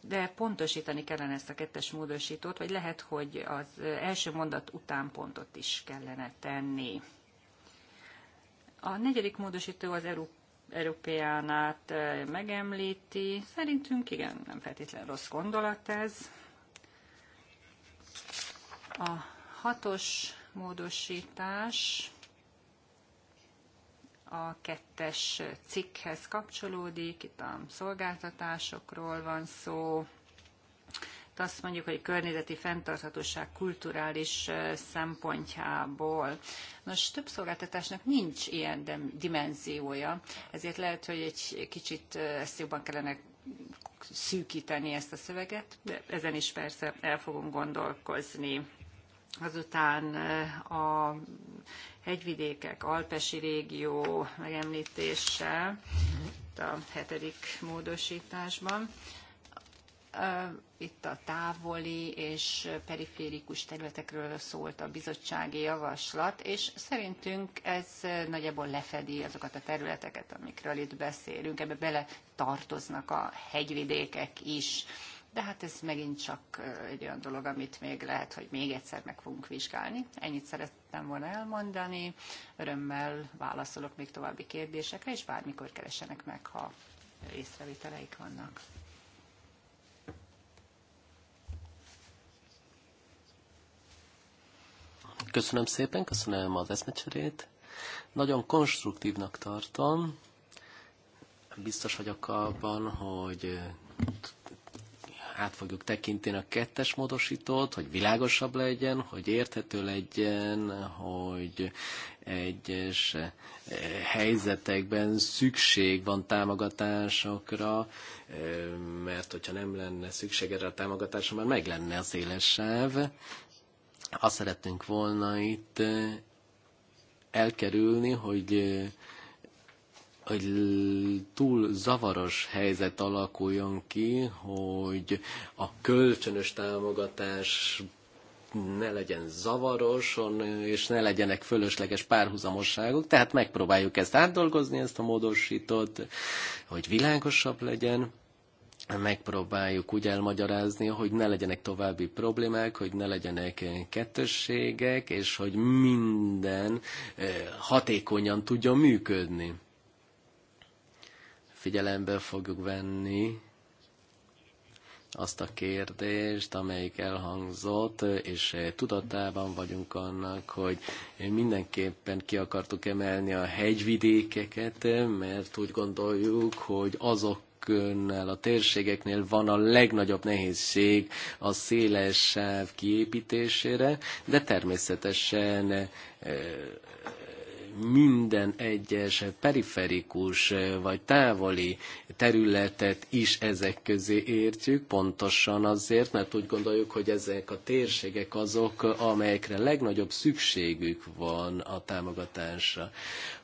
de pontosítani kellene ezt a kettes módosítót, vagy lehet, hogy az első mondat után pontot is kellene tenni. A negyedik módosító az Európa Európeánát megemlíti. Szerintünk igen, nem feltétlen rossz gondolat ez. A hatos módosítás a kettes cikkhez kapcsolódik, itt a szolgáltatásokról van szó, itt azt mondjuk, hogy környezeti fenntarthatóság kulturális szempontjából. Nos, több szolgáltatásnak nincs ilyen dimenziója, ezért lehet, hogy egy kicsit ezt jobban kellene szűkíteni ezt a szöveget, de ezen is persze el fogunk gondolkozni. Azután a hegyvidékek, alpesi régió megemlítéssel a hetedik módosításban. Itt a távoli és periférikus területekről szólt a bizottsági javaslat, és szerintünk ez nagyjából lefedi azokat a területeket, amikről itt beszélünk. Ebbe bele tartoznak a hegyvidékek is de hát ez megint csak egy olyan dolog, amit még lehet, hogy még egyszer meg fogunk vizsgálni. Ennyit szerettem volna elmondani, örömmel válaszolok még további kérdésekre, és bármikor keresenek meg, ha észrevételeik vannak. Köszönöm szépen, köszönöm az eszmecserét. Nagyon konstruktívnak tartom. Biztos vagyok abban, hogy át fogjuk tekinteni a kettes módosítót, hogy világosabb legyen, hogy érthető legyen, hogy egyes eh, helyzetekben szükség van támogatásokra, eh, mert hogyha nem lenne szükség erre a támogatásra, már meg lenne a széles sáv. Azt szeretnénk volna itt eh, elkerülni, hogy hogy túl zavaros helyzet alakuljon ki, hogy a kölcsönös támogatás ne legyen zavaros, és ne legyenek fölösleges párhuzamosságok, tehát megpróbáljuk ezt átdolgozni, ezt a módosítót, hogy világosabb legyen, megpróbáljuk úgy elmagyarázni, hogy ne legyenek további problémák, hogy ne legyenek kettősségek, és hogy minden eh, hatékonyan tudjon működni figyelembe fogjuk venni azt a kérdést, amelyik elhangzott, és tudatában vagyunk annak, hogy mindenképpen ki akartuk emelni a hegyvidékeket, mert úgy gondoljuk, hogy azok a térségeknél van a legnagyobb nehézség a széles sáv kiépítésére, de természetesen eh, minden egyes periferikus eh, vagy távoli területet is ezek közé értjük, pontosan azért, mert úgy gondoljuk, hogy ezek a térségek azok, amelyekre legnagyobb szükségük van a támogatásra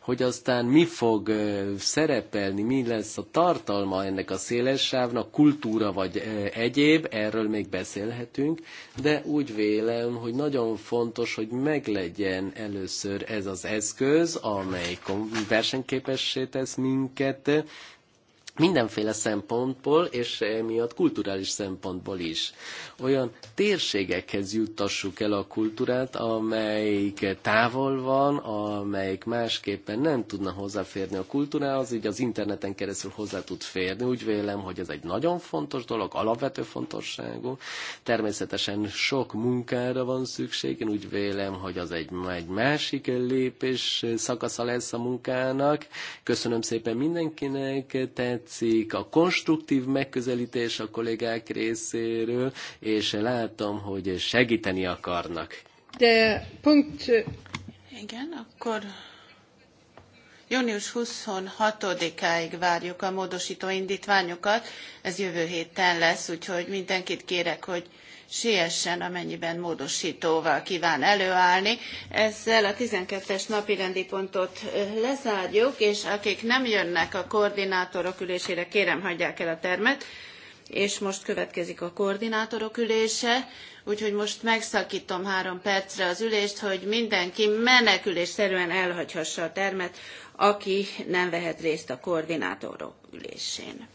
hogy aztán mi fog szerepelni, mi lesz a tartalma ennek a széles sávnak, kultúra vagy egyéb, erről még beszélhetünk, de úgy vélem, hogy nagyon fontos, hogy meglegyen először ez az eszköz, amely versenyképessé tesz minket, mindenféle szempontból, és emiatt kulturális szempontból is. Olyan térségekhez juttassuk el a kultúrát, amelyik távol van, amelyik másképpen nem tudna hozzáférni a kultúrához, így az interneten keresztül hozzá tud férni. Úgy vélem, hogy ez egy nagyon fontos dolog, alapvető fontosságú. Természetesen sok munkára van szükség, én úgy vélem, hogy az egy, egy másik lépés szakasza lesz a munkának. Köszönöm szépen mindenkinek, tehát tetszik a konstruktív megközelítés a kollégák részéről, és látom, hogy segíteni akarnak. De pont... Igen, akkor június 26-áig várjuk a módosító indítványokat. Ez jövő héten lesz, úgyhogy mindenkit kérek, hogy siessen, amennyiben módosítóval kíván előállni. Ezzel a 12-es napirendi pontot lezárjuk, és akik nem jönnek a koordinátorok ülésére, kérem hagyják el a termet és most következik a koordinátorok ülése, úgyhogy most megszakítom három percre az ülést, hogy mindenki menekülésszerűen elhagyhassa a termet, aki nem vehet részt a koordinátorok ülésén.